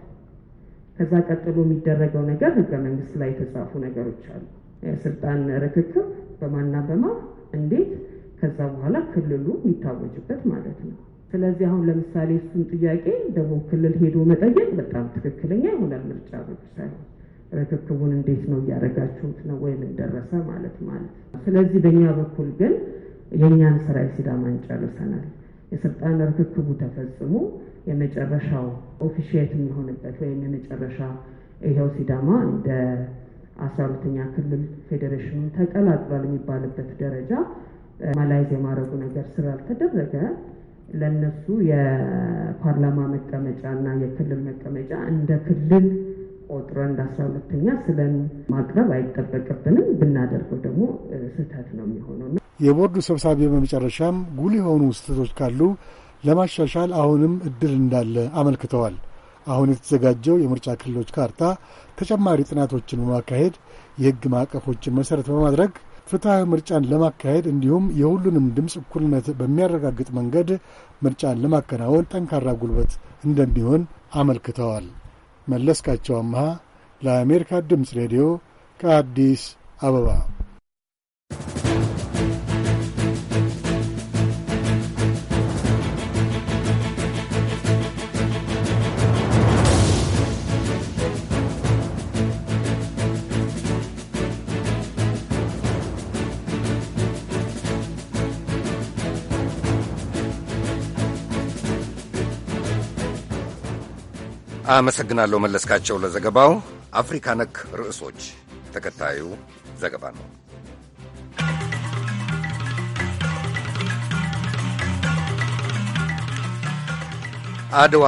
ከዛ ቀጥሎ የሚደረገው ነገር ህገ መንግስት ላይ የተጻፉ ነገሮች አሉ። የስልጣን ርክክብ በማና በማ እንዴት ከዛ በኋላ ክልሉ የሚታወጅበት ማለት ነው። ስለዚህ አሁን ለምሳሌ እሱን ጥያቄ ደቡብ ክልል ሄዶ መጠየቅ በጣም ትክክለኛ ይሆናል። ምርጫ ቦርድ ሳይሆን ርክክቡን እንዴት ነው እያደረጋችሁት ነው ወይም እንደረሰ ማለት ማለት ስለዚህ በእኛ በኩል ግን የእኛን ስራ የሲዳማን ጨርሰናል። የስልጣን ርክክቡ ተፈጽሞ የመጨረሻው ኦፊሽት የሚሆንበት ወይም የመጨረሻ ይኸው ሲዳማ እንደ አስራ ሁለተኛ ክልል ፌዴሬሽኑን ተቀላቅሏል የሚባልበት ደረጃ ማላይዝ የማድረጉ ነገር ስላልተደረገ ለነሱ የፓርላማ መቀመጫ እና የክልል መቀመጫ እንደ ክልል ቆጥሮ እንደ አስራ ሁለተኛ ስለን ማቅረብ አይጠበቅብንም። ብናደርገው ደግሞ ስህተት ነው የሚሆነው። የቦርዱ ሰብሳቢ በመጨረሻም ጉል የሆኑ ስህተቶች ካሉ ለማሻሻል አሁንም እድል እንዳለ አመልክተዋል። አሁን የተዘጋጀው የምርጫ ክልሎች ካርታ ተጨማሪ ጥናቶችን በማካሄድ የሕግ ማዕቀፎችን መሠረት በማድረግ ፍትሐዊ ምርጫን ለማካሄድ እንዲሁም የሁሉንም ድምፅ እኩልነት በሚያረጋግጥ መንገድ ምርጫን ለማከናወን ጠንካራ ጉልበት እንደሚሆን አመልክተዋል። መለስካቸው አምሃ ለአሜሪካ ድምፅ ሬዲዮ ከአዲስ አበባ አመሰግናለሁ መለስካቸው ለዘገባው። አፍሪካ ነክ ርዕሶች ተከታዩ ዘገባ ነው። አድዋ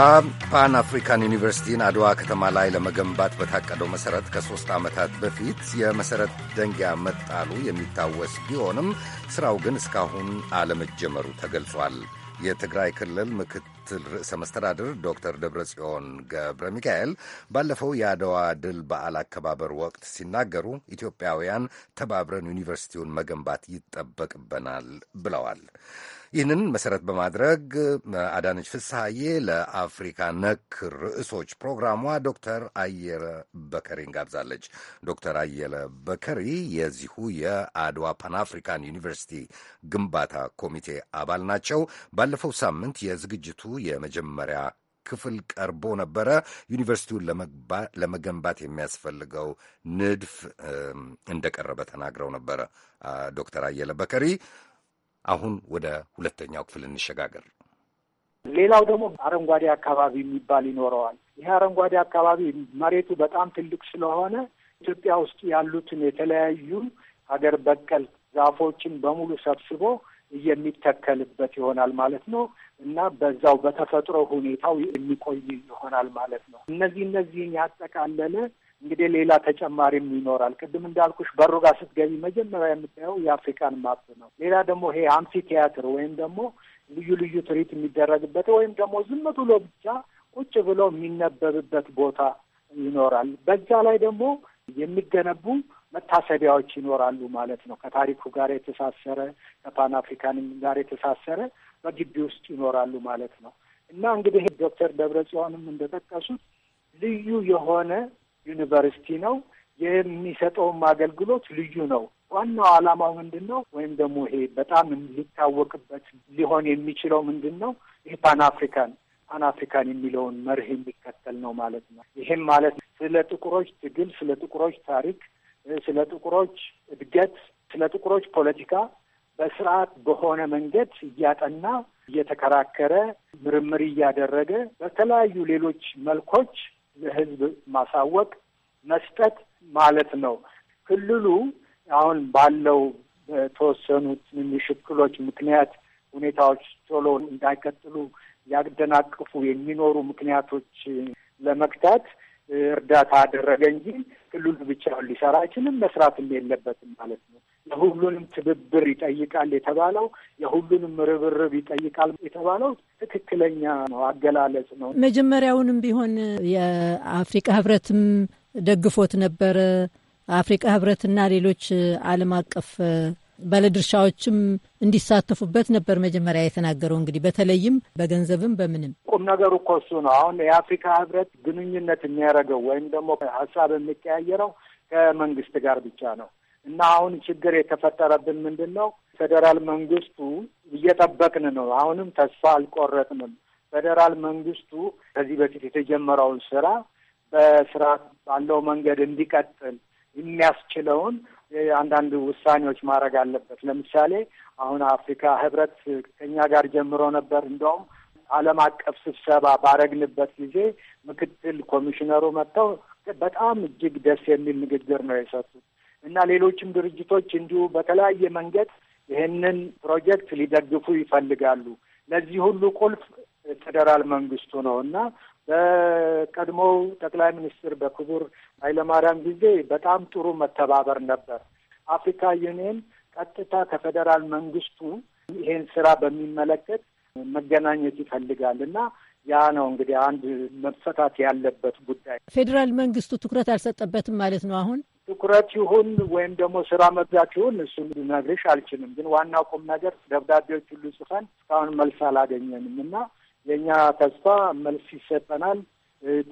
ፓን አፍሪካን ዩኒቨርሲቲን አድዋ ከተማ ላይ ለመገንባት በታቀደው መሠረት ከሦስት ዓመታት በፊት የመሠረት ደንጊያ መጣሉ የሚታወስ ቢሆንም ሥራው ግን እስካሁን አለመጀመሩ ተገልጿል። የትግራይ ክልል ምክት ምክትል ርዕሰ መስተዳድር ዶክተር ደብረጽዮን ገብረ ሚካኤል ባለፈው የአድዋ ድል በዓል አከባበር ወቅት ሲናገሩ ኢትዮጵያውያን ተባብረን ዩኒቨርሲቲውን መገንባት ይጠበቅበናል ብለዋል። ይህንን መሰረት በማድረግ አዳነች ፍስሐዬ ለአፍሪካ ነክ ርዕሶች ፕሮግራሟ ዶክተር አየለ በከሪን ጋብዛለች። ዶክተር አየለ በከሪ የዚሁ የአድዋ ፓን አፍሪካን ዩኒቨርሲቲ ግንባታ ኮሚቴ አባል ናቸው። ባለፈው ሳምንት የዝግጅቱ የመጀመሪያ ክፍል ቀርቦ ነበረ። ዩኒቨርሲቲውን ለመገንባት የሚያስፈልገው ንድፍ እንደቀረበ ተናግረው ነበረ ዶክተር አየለ በከሪ አሁን ወደ ሁለተኛው ክፍል እንሸጋገር። ሌላው ደግሞ አረንጓዴ አካባቢ የሚባል ይኖረዋል። ይህ አረንጓዴ አካባቢ መሬቱ በጣም ትልቅ ስለሆነ ኢትዮጵያ ውስጥ ያሉትን የተለያዩ ሀገር በቀል ዛፎችን በሙሉ ሰብስቦ የሚተከልበት ይሆናል ማለት ነው እና በዛው በተፈጥሮ ሁኔታው የሚቆይ ይሆናል ማለት ነው። እነዚህ እነዚህን ያጠቃለለ እንግዲህ ሌላ ተጨማሪም ይኖራል። ቅድም እንዳልኩሽ በሩ ጋር ስትገቢ መጀመሪያ የምታየው የአፍሪካን ማፕ ነው። ሌላ ደግሞ ይሄ አምፊ ቲያትር ወይም ደግሞ ልዩ ልዩ ትርኢት የሚደረግበት ወይም ደግሞ ዝም ብሎ ብቻ ቁጭ ብሎ የሚነበብበት ቦታ ይኖራል። በዛ ላይ ደግሞ የሚገነቡ መታሰቢያዎች ይኖራሉ ማለት ነው። ከታሪኩ ጋር የተሳሰረ ከፓን አፍሪካንም ጋር የተሳሰረ በግቢ ውስጥ ይኖራሉ ማለት ነው እና እንግዲህ ዶክተር ደብረ ጽዮንም እንደጠቀሱት ልዩ የሆነ ዩኒቨርሲቲ ነው። የሚሰጠውም አገልግሎት ልዩ ነው። ዋናው ዓላማው ምንድን ነው? ወይም ደግሞ ይሄ በጣም ሊታወቅበት ሊሆን የሚችለው ምንድን ነው? ይህ ፓን አፍሪካን ፓን አፍሪካን የሚለውን መርህ የሚከተል ነው ማለት ነው። ይህም ማለት ስለ ጥቁሮች ትግል፣ ስለ ጥቁሮች ታሪክ፣ ስለ ጥቁሮች እድገት፣ ስለ ጥቁሮች ፖለቲካ በስርዓት በሆነ መንገድ እያጠና እየተከራከረ ምርምር እያደረገ በተለያዩ ሌሎች መልኮች ለህዝብ ማሳወቅ መስጠት ማለት ነው። ክልሉ አሁን ባለው በተወሰኑ ትንንሽ እክሎች ምክንያት ሁኔታዎች ቶሎ እንዳይቀጥሉ ያደናቅፉ የሚኖሩ ምክንያቶች ለመግታት እርዳታ አደረገ እንጂ ክልሉ ብቻውን ሊሰራ አይችልም፣ መስራትም የለበትም ማለት ነው። የሁሉንም ትብብር ይጠይቃል የተባለው የሁሉንም ርብርብ ይጠይቃል የተባለው ትክክለኛ ነው አገላለጽ ነው። መጀመሪያውንም ቢሆን የአፍሪቃ ህብረትም ደግፎት ነበረ። አፍሪቃ ህብረትና ሌሎች ዓለም አቀፍ ባለድርሻዎችም እንዲሳተፉበት ነበር መጀመሪያ የተናገረው። እንግዲህ በተለይም በገንዘብም በምንም ቁም ነገሩ እኮ እሱ ነው። አሁን የአፍሪካ ህብረት ግንኙነት የሚያደርገው ወይም ደግሞ ሀሳብ የሚቀያየረው ከመንግስት ጋር ብቻ ነው። እና አሁን ችግር የተፈጠረብን ምንድን ነው? ፌዴራል መንግስቱ እየጠበቅን ነው። አሁንም ተስፋ አልቆረጥንም። ፌዴራል መንግስቱ ከዚህ በፊት የተጀመረውን ስራ በስርዓት ባለው መንገድ እንዲቀጥል የሚያስችለውን አንዳንድ ውሳኔዎች ማድረግ አለበት። ለምሳሌ አሁን አፍሪካ ህብረት ከኛ ጋር ጀምሮ ነበር። እንደውም ዓለም አቀፍ ስብሰባ ባረግንበት ጊዜ ምክትል ኮሚሽነሩ መጥተው በጣም እጅግ ደስ የሚል ንግግር ነው የሰጡት። እና ሌሎችም ድርጅቶች እንዲሁ በተለያየ መንገድ ይህንን ፕሮጀክት ሊደግፉ ይፈልጋሉ። ለዚህ ሁሉ ቁልፍ ፌዴራል መንግስቱ ነው እና በቀድሞው ጠቅላይ ሚኒስትር በክቡር ኃይለማርያም ጊዜ በጣም ጥሩ መተባበር ነበር። አፍሪካ ዩኒየን ቀጥታ ከፌዴራል መንግስቱ ይሄን ስራ በሚመለከት መገናኘት ይፈልጋል እና ያ ነው እንግዲህ አንድ መፈታት ያለበት ጉዳይ። ፌዴራል መንግስቱ ትኩረት አልሰጠበትም ማለት ነው አሁን ትኩረት ይሁን ወይም ደግሞ ስራ መብዛት ይሁን እሱን ልነግርሽ አልችልም። ግን ዋናው ቁም ነገር ደብዳቤዎች ሁሉ ጽፈን እስካሁን መልስ አላገኘንም እና የእኛ ተስፋ መልስ ይሰጠናል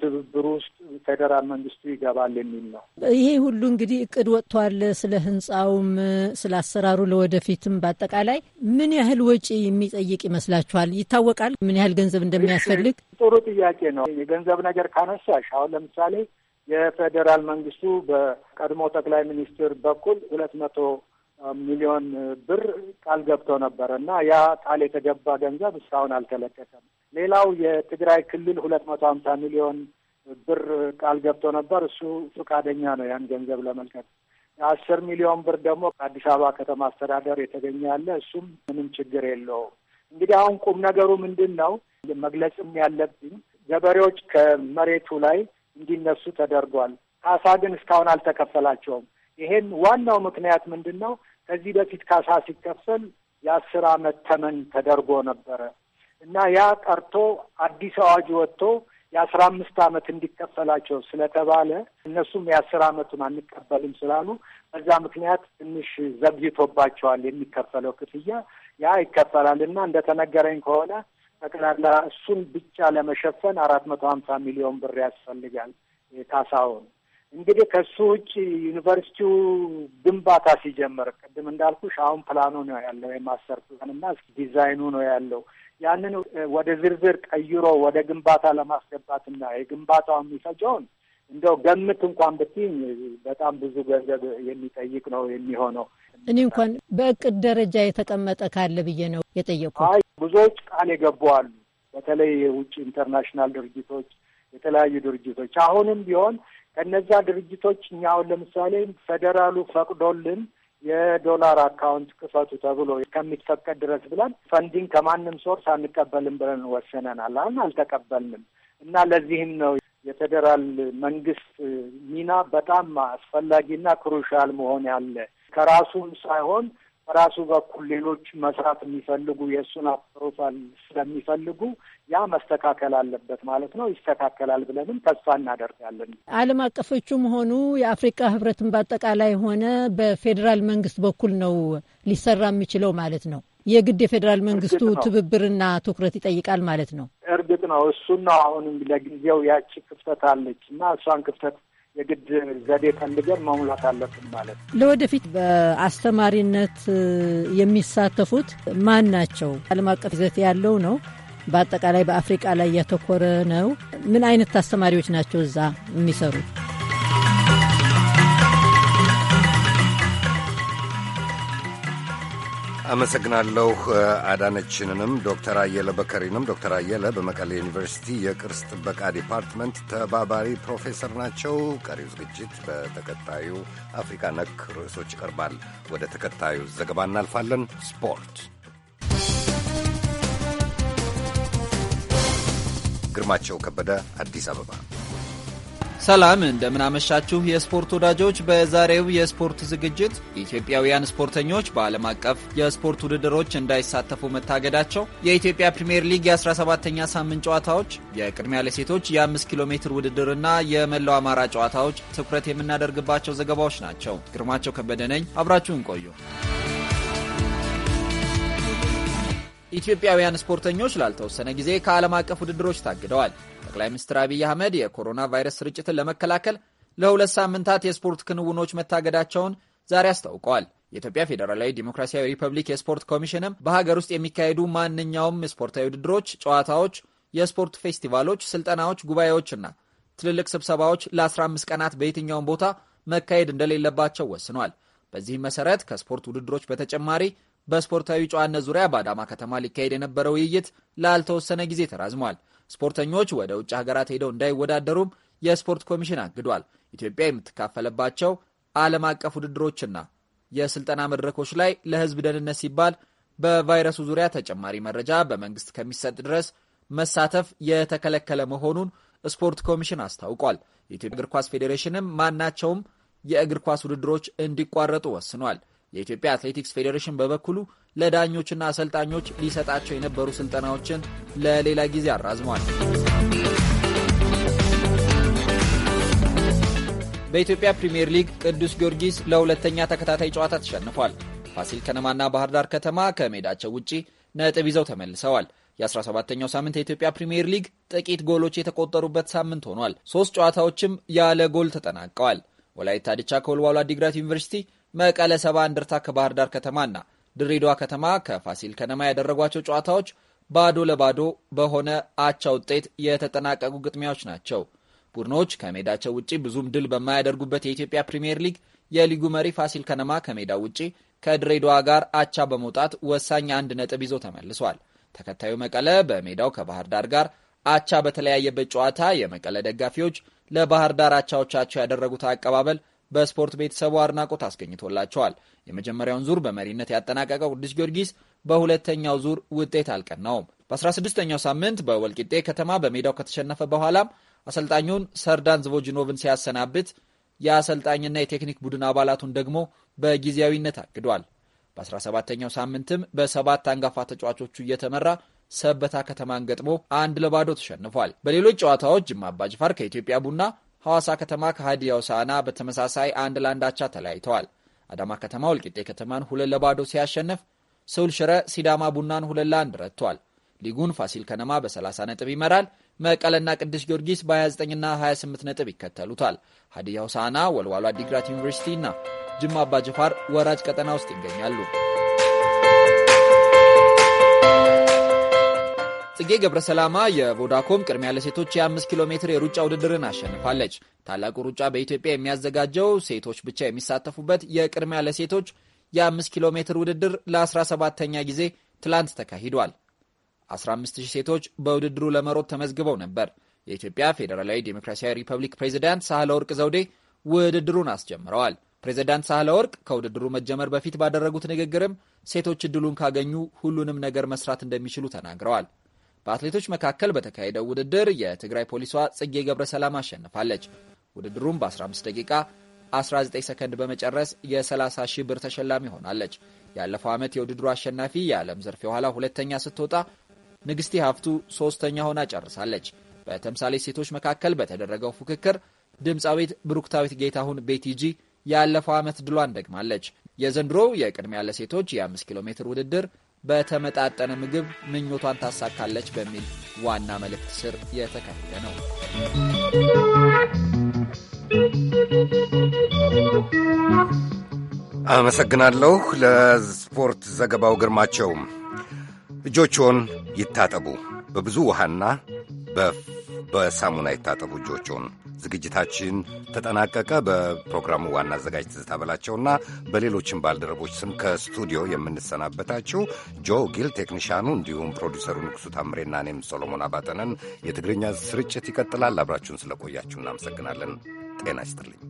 ትብብር ውስጥ ፌዴራል መንግስቱ ይገባል የሚል ነው። ይሄ ሁሉ እንግዲህ እቅድ ወጥቷል። ስለ ህንፃውም ስለ አሰራሩ ለወደፊትም በአጠቃላይ ምን ያህል ወጪ የሚጠይቅ ይመስላችኋል? ይታወቃል ምን ያህል ገንዘብ እንደሚያስፈልግ? ጥሩ ጥያቄ ነው። የገንዘብ ነገር ካነሳሽ አሁን ለምሳሌ የፌዴራል መንግስቱ በቀድሞ ጠቅላይ ሚኒስትር በኩል ሁለት መቶ ሚሊዮን ብር ቃል ገብቶ ነበረ እና ያ ቃል የተገባ ገንዘብ እስካሁን አልተለቀቀም። ሌላው የትግራይ ክልል ሁለት መቶ ሀምሳ ሚሊዮን ብር ቃል ገብቶ ነበር። እሱ ፈቃደኛ ነው ያን ገንዘብ ለመልቀቅ። የአስር ሚሊዮን ብር ደግሞ ከአዲስ አበባ ከተማ አስተዳደር የተገኘ ያለ እሱም ምንም ችግር የለውም። እንግዲህ አሁን ቁም ነገሩ ምንድን ነው መግለጽም ያለብኝ ገበሬዎች ከመሬቱ ላይ እንዲነሱ ተደርጓል። ካሳ ግን እስካሁን አልተከፈላቸውም። ይሄን ዋናው ምክንያት ምንድን ነው? ከዚህ በፊት ካሳ ሲከፈል የአስር አመት ተመን ተደርጎ ነበረ እና ያ ቀርቶ አዲስ አዋጅ ወጥቶ የአስራ አምስት አመት እንዲከፈላቸው ስለተባለ እነሱም የአስር አመቱን አንቀበልም ስላሉ በዛ ምክንያት ትንሽ ዘግይቶባቸዋል የሚከፈለው ክፍያ ያ ይከፈላል እና እንደተነገረኝ ከሆነ ጠቅላላ እሱን ብቻ ለመሸፈን አራት መቶ ሀምሳ ሚሊዮን ብር ያስፈልጋል ካሳውን እንግዲህ ከሱ ውጭ ዩኒቨርሲቲው ግንባታ ሲጀመር ቅድም እንዳልኩሽ አሁን ፕላኑ ነው ያለው የማስተር ፕላን እና ዲዛይኑ ነው ያለው። ያንን ወደ ዝርዝር ቀይሮ ወደ ግንባታ ለማስገባትና የግንባታው የሚፈጀውን እንደው ገምት እንኳን ብትይኝ በጣም ብዙ ገንዘብ የሚጠይቅ ነው የሚሆነው። እኔ እንኳን በእቅድ ደረጃ የተቀመጠ ካለ ብዬ ነው የጠየቁ። ብዙዎች ቃል የገቡ አሉ። በተለይ የውጭ ኢንተርናሽናል ድርጅቶች፣ የተለያዩ ድርጅቶች አሁንም ቢሆን ከነዛ ድርጅቶች እኛ አሁን ለምሳሌ ፌዴራሉ ፈቅዶልን የዶላር አካውንት ክፈቱ ተብሎ ከሚፈቀድ ድረስ ብለን ፈንዲንግ ከማንም ሶርስ አንቀበልም ብለን ወሰነናል። አሁን አልተቀበልንም እና ለዚህም ነው የፌዴራል መንግስት ሚና በጣም አስፈላጊና ክሩሻል መሆን ያለ ከራሱም ሳይሆን በራሱ በኩል ሌሎች መስራት የሚፈልጉ የእሱን አፕሮፋል ስለሚፈልጉ ያ መስተካከል አለበት ማለት ነው። ይስተካከላል ብለንም ተስፋ እናደርጋለን። ዓለም አቀፎቹም ሆኑ የአፍሪካ ህብረትን በአጠቃላይ ሆነ በፌዴራል መንግስት በኩል ነው ሊሰራ የሚችለው ማለት ነው። የግድ የፌዴራል መንግስቱ ትብብርና ትኩረት ይጠይቃል ማለት ነው። እርግጥ ነው። እሱና አሁንም ለጊዜው ያቺ ክፍተት አለች እና እሷን ክፍተት የግድ ዘዴ ፈልገን መሙላት አለብን ማለት ነው። ለወደፊት በአስተማሪነት የሚሳተፉት ማን ናቸው? ዓለም አቀፍ ይዘት ያለው ነው። በአጠቃላይ በአፍሪቃ ላይ እያተኮረ ነው። ምን አይነት አስተማሪዎች ናቸው እዛ የሚሰሩት? አመሰግናለሁ አዳነችንንም ዶክተር አየለ በከሪንም። ዶክተር አየለ በመቀሌ ዩኒቨርሲቲ የቅርስ ጥበቃ ዲፓርትመንት ተባባሪ ፕሮፌሰር ናቸው። ቀሪው ዝግጅት በተከታዩ አፍሪካ ነክ ርዕሶች ይቀርባል። ወደ ተከታዩ ዘገባ እናልፋለን። ስፖርት ግርማቸው ከበደ አዲስ አበባ ሰላም እንደምናመሻችሁ የስፖርት ወዳጆች። በዛሬው የስፖርት ዝግጅት ኢትዮጵያውያን ስፖርተኞች በዓለም አቀፍ የስፖርት ውድድሮች እንዳይሳተፉ መታገዳቸው፣ የኢትዮጵያ ፕሪምየር ሊግ የ17ኛ ሳምንት ጨዋታዎች፣ የቅድሚያ ለሴቶች የ5 ኪሎ ሜትር ውድድርና የመላው አማራ ጨዋታዎች ትኩረት የምናደርግባቸው ዘገባዎች ናቸው። ግርማቸው ከበደ ነኝ። አብራችሁን ቆዩ። ኢትዮጵያውያን ስፖርተኞች ላልተወሰነ ጊዜ ከዓለም አቀፍ ውድድሮች ታግደዋል። ጠቅላይ ሚኒስትር አብይ አህመድ የኮሮና ቫይረስ ስርጭትን ለመከላከል ለሁለት ሳምንታት የስፖርት ክንውኖች መታገዳቸውን ዛሬ አስታውቀዋል። የኢትዮጵያ ፌዴራላዊ ዲሞክራሲያዊ ሪፐብሊክ የስፖርት ኮሚሽንም በሀገር ውስጥ የሚካሄዱ ማንኛውም ስፖርታዊ ውድድሮች፣ ጨዋታዎች፣ የስፖርት ፌስቲቫሎች፣ ስልጠናዎች፣ ጉባኤዎችና ትልልቅ ስብሰባዎች ለ15 ቀናት በየትኛውም ቦታ መካሄድ እንደሌለባቸው ወስኗል። በዚህም መሰረት ከስፖርት ውድድሮች በተጨማሪ በስፖርታዊ ጨዋነት ዙሪያ በአዳማ ከተማ ሊካሄድ የነበረው ውይይት ላልተወሰነ ጊዜ ተራዝሟል። ስፖርተኞች ወደ ውጭ ሀገራት ሄደው እንዳይወዳደሩም የስፖርት ኮሚሽን አግዷል። ኢትዮጵያ የምትካፈለባቸው ዓለም አቀፍ ውድድሮችና የስልጠና መድረኮች ላይ ለሕዝብ ደህንነት ሲባል በቫይረሱ ዙሪያ ተጨማሪ መረጃ በመንግስት ከሚሰጥ ድረስ መሳተፍ የተከለከለ መሆኑን ስፖርት ኮሚሽን አስታውቋል። የኢትዮጵያ እግር ኳስ ፌዴሬሽንም ማናቸውም የእግር ኳስ ውድድሮች እንዲቋረጡ ወስኗል። የኢትዮጵያ አትሌቲክስ ፌዴሬሽን በበኩሉ ለዳኞችና አሰልጣኞች ሊሰጣቸው የነበሩ ስልጠናዎችን ለሌላ ጊዜ አራዝመዋል። በኢትዮጵያ ፕሪምየር ሊግ ቅዱስ ጊዮርጊስ ለሁለተኛ ተከታታይ ጨዋታ ተሸንፏል። ፋሲል ከነማና ባህር ዳር ከተማ ከሜዳቸው ውጪ ነጥብ ይዘው ተመልሰዋል። የ17ኛው ሳምንት የኢትዮጵያ ፕሪምየር ሊግ ጥቂት ጎሎች የተቆጠሩበት ሳምንት ሆኗል። ሶስት ጨዋታዎችም ያለ ጎል ተጠናቀዋል። ወላይታ ድቻ ከወልዋሎ አዲግራት ዩኒቨርሲቲ መቀለ ሰባ እንደርታ ከባህር ዳር ከተማና ድሬዳዋ ከተማ ከፋሲል ከነማ ያደረጓቸው ጨዋታዎች ባዶ ለባዶ በሆነ አቻ ውጤት የተጠናቀቁ ግጥሚያዎች ናቸው። ቡድኖች ከሜዳቸው ውጪ ብዙም ድል በማያደርጉበት የኢትዮጵያ ፕሪምየር ሊግ የሊጉ መሪ ፋሲል ከነማ ከሜዳው ውጪ ከድሬዳዋ ጋር አቻ በመውጣት ወሳኝ አንድ ነጥብ ይዞ ተመልሷል። ተከታዩ መቀለ በሜዳው ከባህር ዳር ጋር አቻ በተለያየበት ጨዋታ የመቀለ ደጋፊዎች ለባህር ዳር አቻዎቻቸው ያደረጉት አቀባበል በስፖርት ቤተሰቡ አድናቆት አስገኝቶላቸዋል። የመጀመሪያውን ዙር በመሪነት ያጠናቀቀው ቅዱስ ጊዮርጊስ በሁለተኛው ዙር ውጤት አልቀናውም። በ16ኛው ሳምንት በወልቂጤ ከተማ በሜዳው ከተሸነፈ በኋላም አሰልጣኙን ሰርዳን ዝቮጅኖቭን ሲያሰናብት የአሰልጣኝና የቴክኒክ ቡድን አባላቱን ደግሞ በጊዜያዊነት አግዷል። በ17ኛው ሳምንትም በሰባት አንጋፋ ተጫዋቾቹ እየተመራ ሰበታ ከተማን ገጥሞ አንድ ለባዶ ተሸንፏል። በሌሎች ጨዋታዎች ጅማ አባጅፋር ከኢትዮጵያ ቡና፣ ሐዋሳ ከተማ ከሃዲያ ሆሳዕና በተመሳሳይ አንድ ላንዳቻ ተለያይተዋል። አዳማ ከተማ ወልቂጤ ከተማን ሁለት ለባዶ ሲያሸንፍ፣ ስውል ሽረ ሲዳማ ቡናን ሁለት ለአንድ ረትቷል። ሊጉን ፋሲል ከነማ በ30 ነጥብ ይመራል። መቀለና ቅዱስ ጊዮርጊስ በ29ና 28 ነጥብ ይከተሉታል። ሀዲያ ሆሳዕና፣ ወልዋሎ አዲግራት ዩኒቨርሲቲ እና ጅማ አባ ጅፋር ወራጅ ቀጠና ውስጥ ይገኛሉ። ጽጌ ገብረ ሰላማ የቮዳኮም ቅድሚያ ለሴቶች የ5 ኪሎ ሜትር የሩጫ ውድድርን አሸንፋለች። ታላቁ ሩጫ በኢትዮጵያ የሚያዘጋጀው ሴቶች ብቻ የሚሳተፉበት የቅድሚያ ለሴቶች የ5 ኪሎ ሜትር ውድድር ለ17ተኛ ጊዜ ትላንት ተካሂዷል። 15000 ሴቶች በውድድሩ ለመሮጥ ተመዝግበው ነበር። የኢትዮጵያ ፌዴራላዊ ዴሞክራሲያዊ ሪፐብሊክ ፕሬዚዳንት ሳህለ ወርቅ ዘውዴ ውድድሩን አስጀምረዋል። ፕሬዚዳንት ሳህለ ወርቅ ከውድድሩ መጀመር በፊት ባደረጉት ንግግርም ሴቶች እድሉን ካገኙ ሁሉንም ነገር መስራት እንደሚችሉ ተናግረዋል። በአትሌቶች መካከል በተካሄደው ውድድር የትግራይ ፖሊሷ ጽጌ ገብረ ሰላም አሸንፋለች። ውድድሩም በ15 ደቂቃ 19 ሰከንድ በመጨረስ የ30 ሺህ ብር ተሸላሚ ሆናለች። ያለፈው ዓመት የውድድሩ አሸናፊ የዓለም ዘርፍ የኋላ ሁለተኛ ስትወጣ፣ ንግሥቲ ሀፍቱ ሦስተኛ ሆና ጨርሳለች። በተምሳሌ ሴቶች መካከል በተደረገው ፉክክር ድምፃዊት ብሩክታዊት ጌታሁን ቤቲጂ ያለፈው ዓመት ድሏን ደግማለች። የዘንድሮው የቅድሚያ ለሴቶች የ5 ኪሎ ሜትር ውድድር በተመጣጠነ ምግብ ምኞቷን ታሳካለች በሚል ዋና መልእክት ስር የተካሄደ ነው። አመሰግናለሁ። ለስፖርት ዘገባው ግርማቸው። እጆችዎን ይታጠቡ፣ በብዙ ውሃና በ በሳሙና ይታጠቡ እጆቹን። ዝግጅታችን ተጠናቀቀ። በፕሮግራሙ ዋና አዘጋጅ ትዝታ በላቸውና በሌሎችም ባልደረቦች ስም ከስቱዲዮ የምንሰናበታችሁ ጆ ጊል ቴክኒሻኑ፣ እንዲሁም ፕሮዲሰሩ ንጉሱ ታምሬና እኔም ሶሎሞን አባተነን። የትግርኛ ስርጭት ይቀጥላል። አብራችሁን ስለቆያችሁ እናመሰግናለን። ጤና ይስጥልኝ።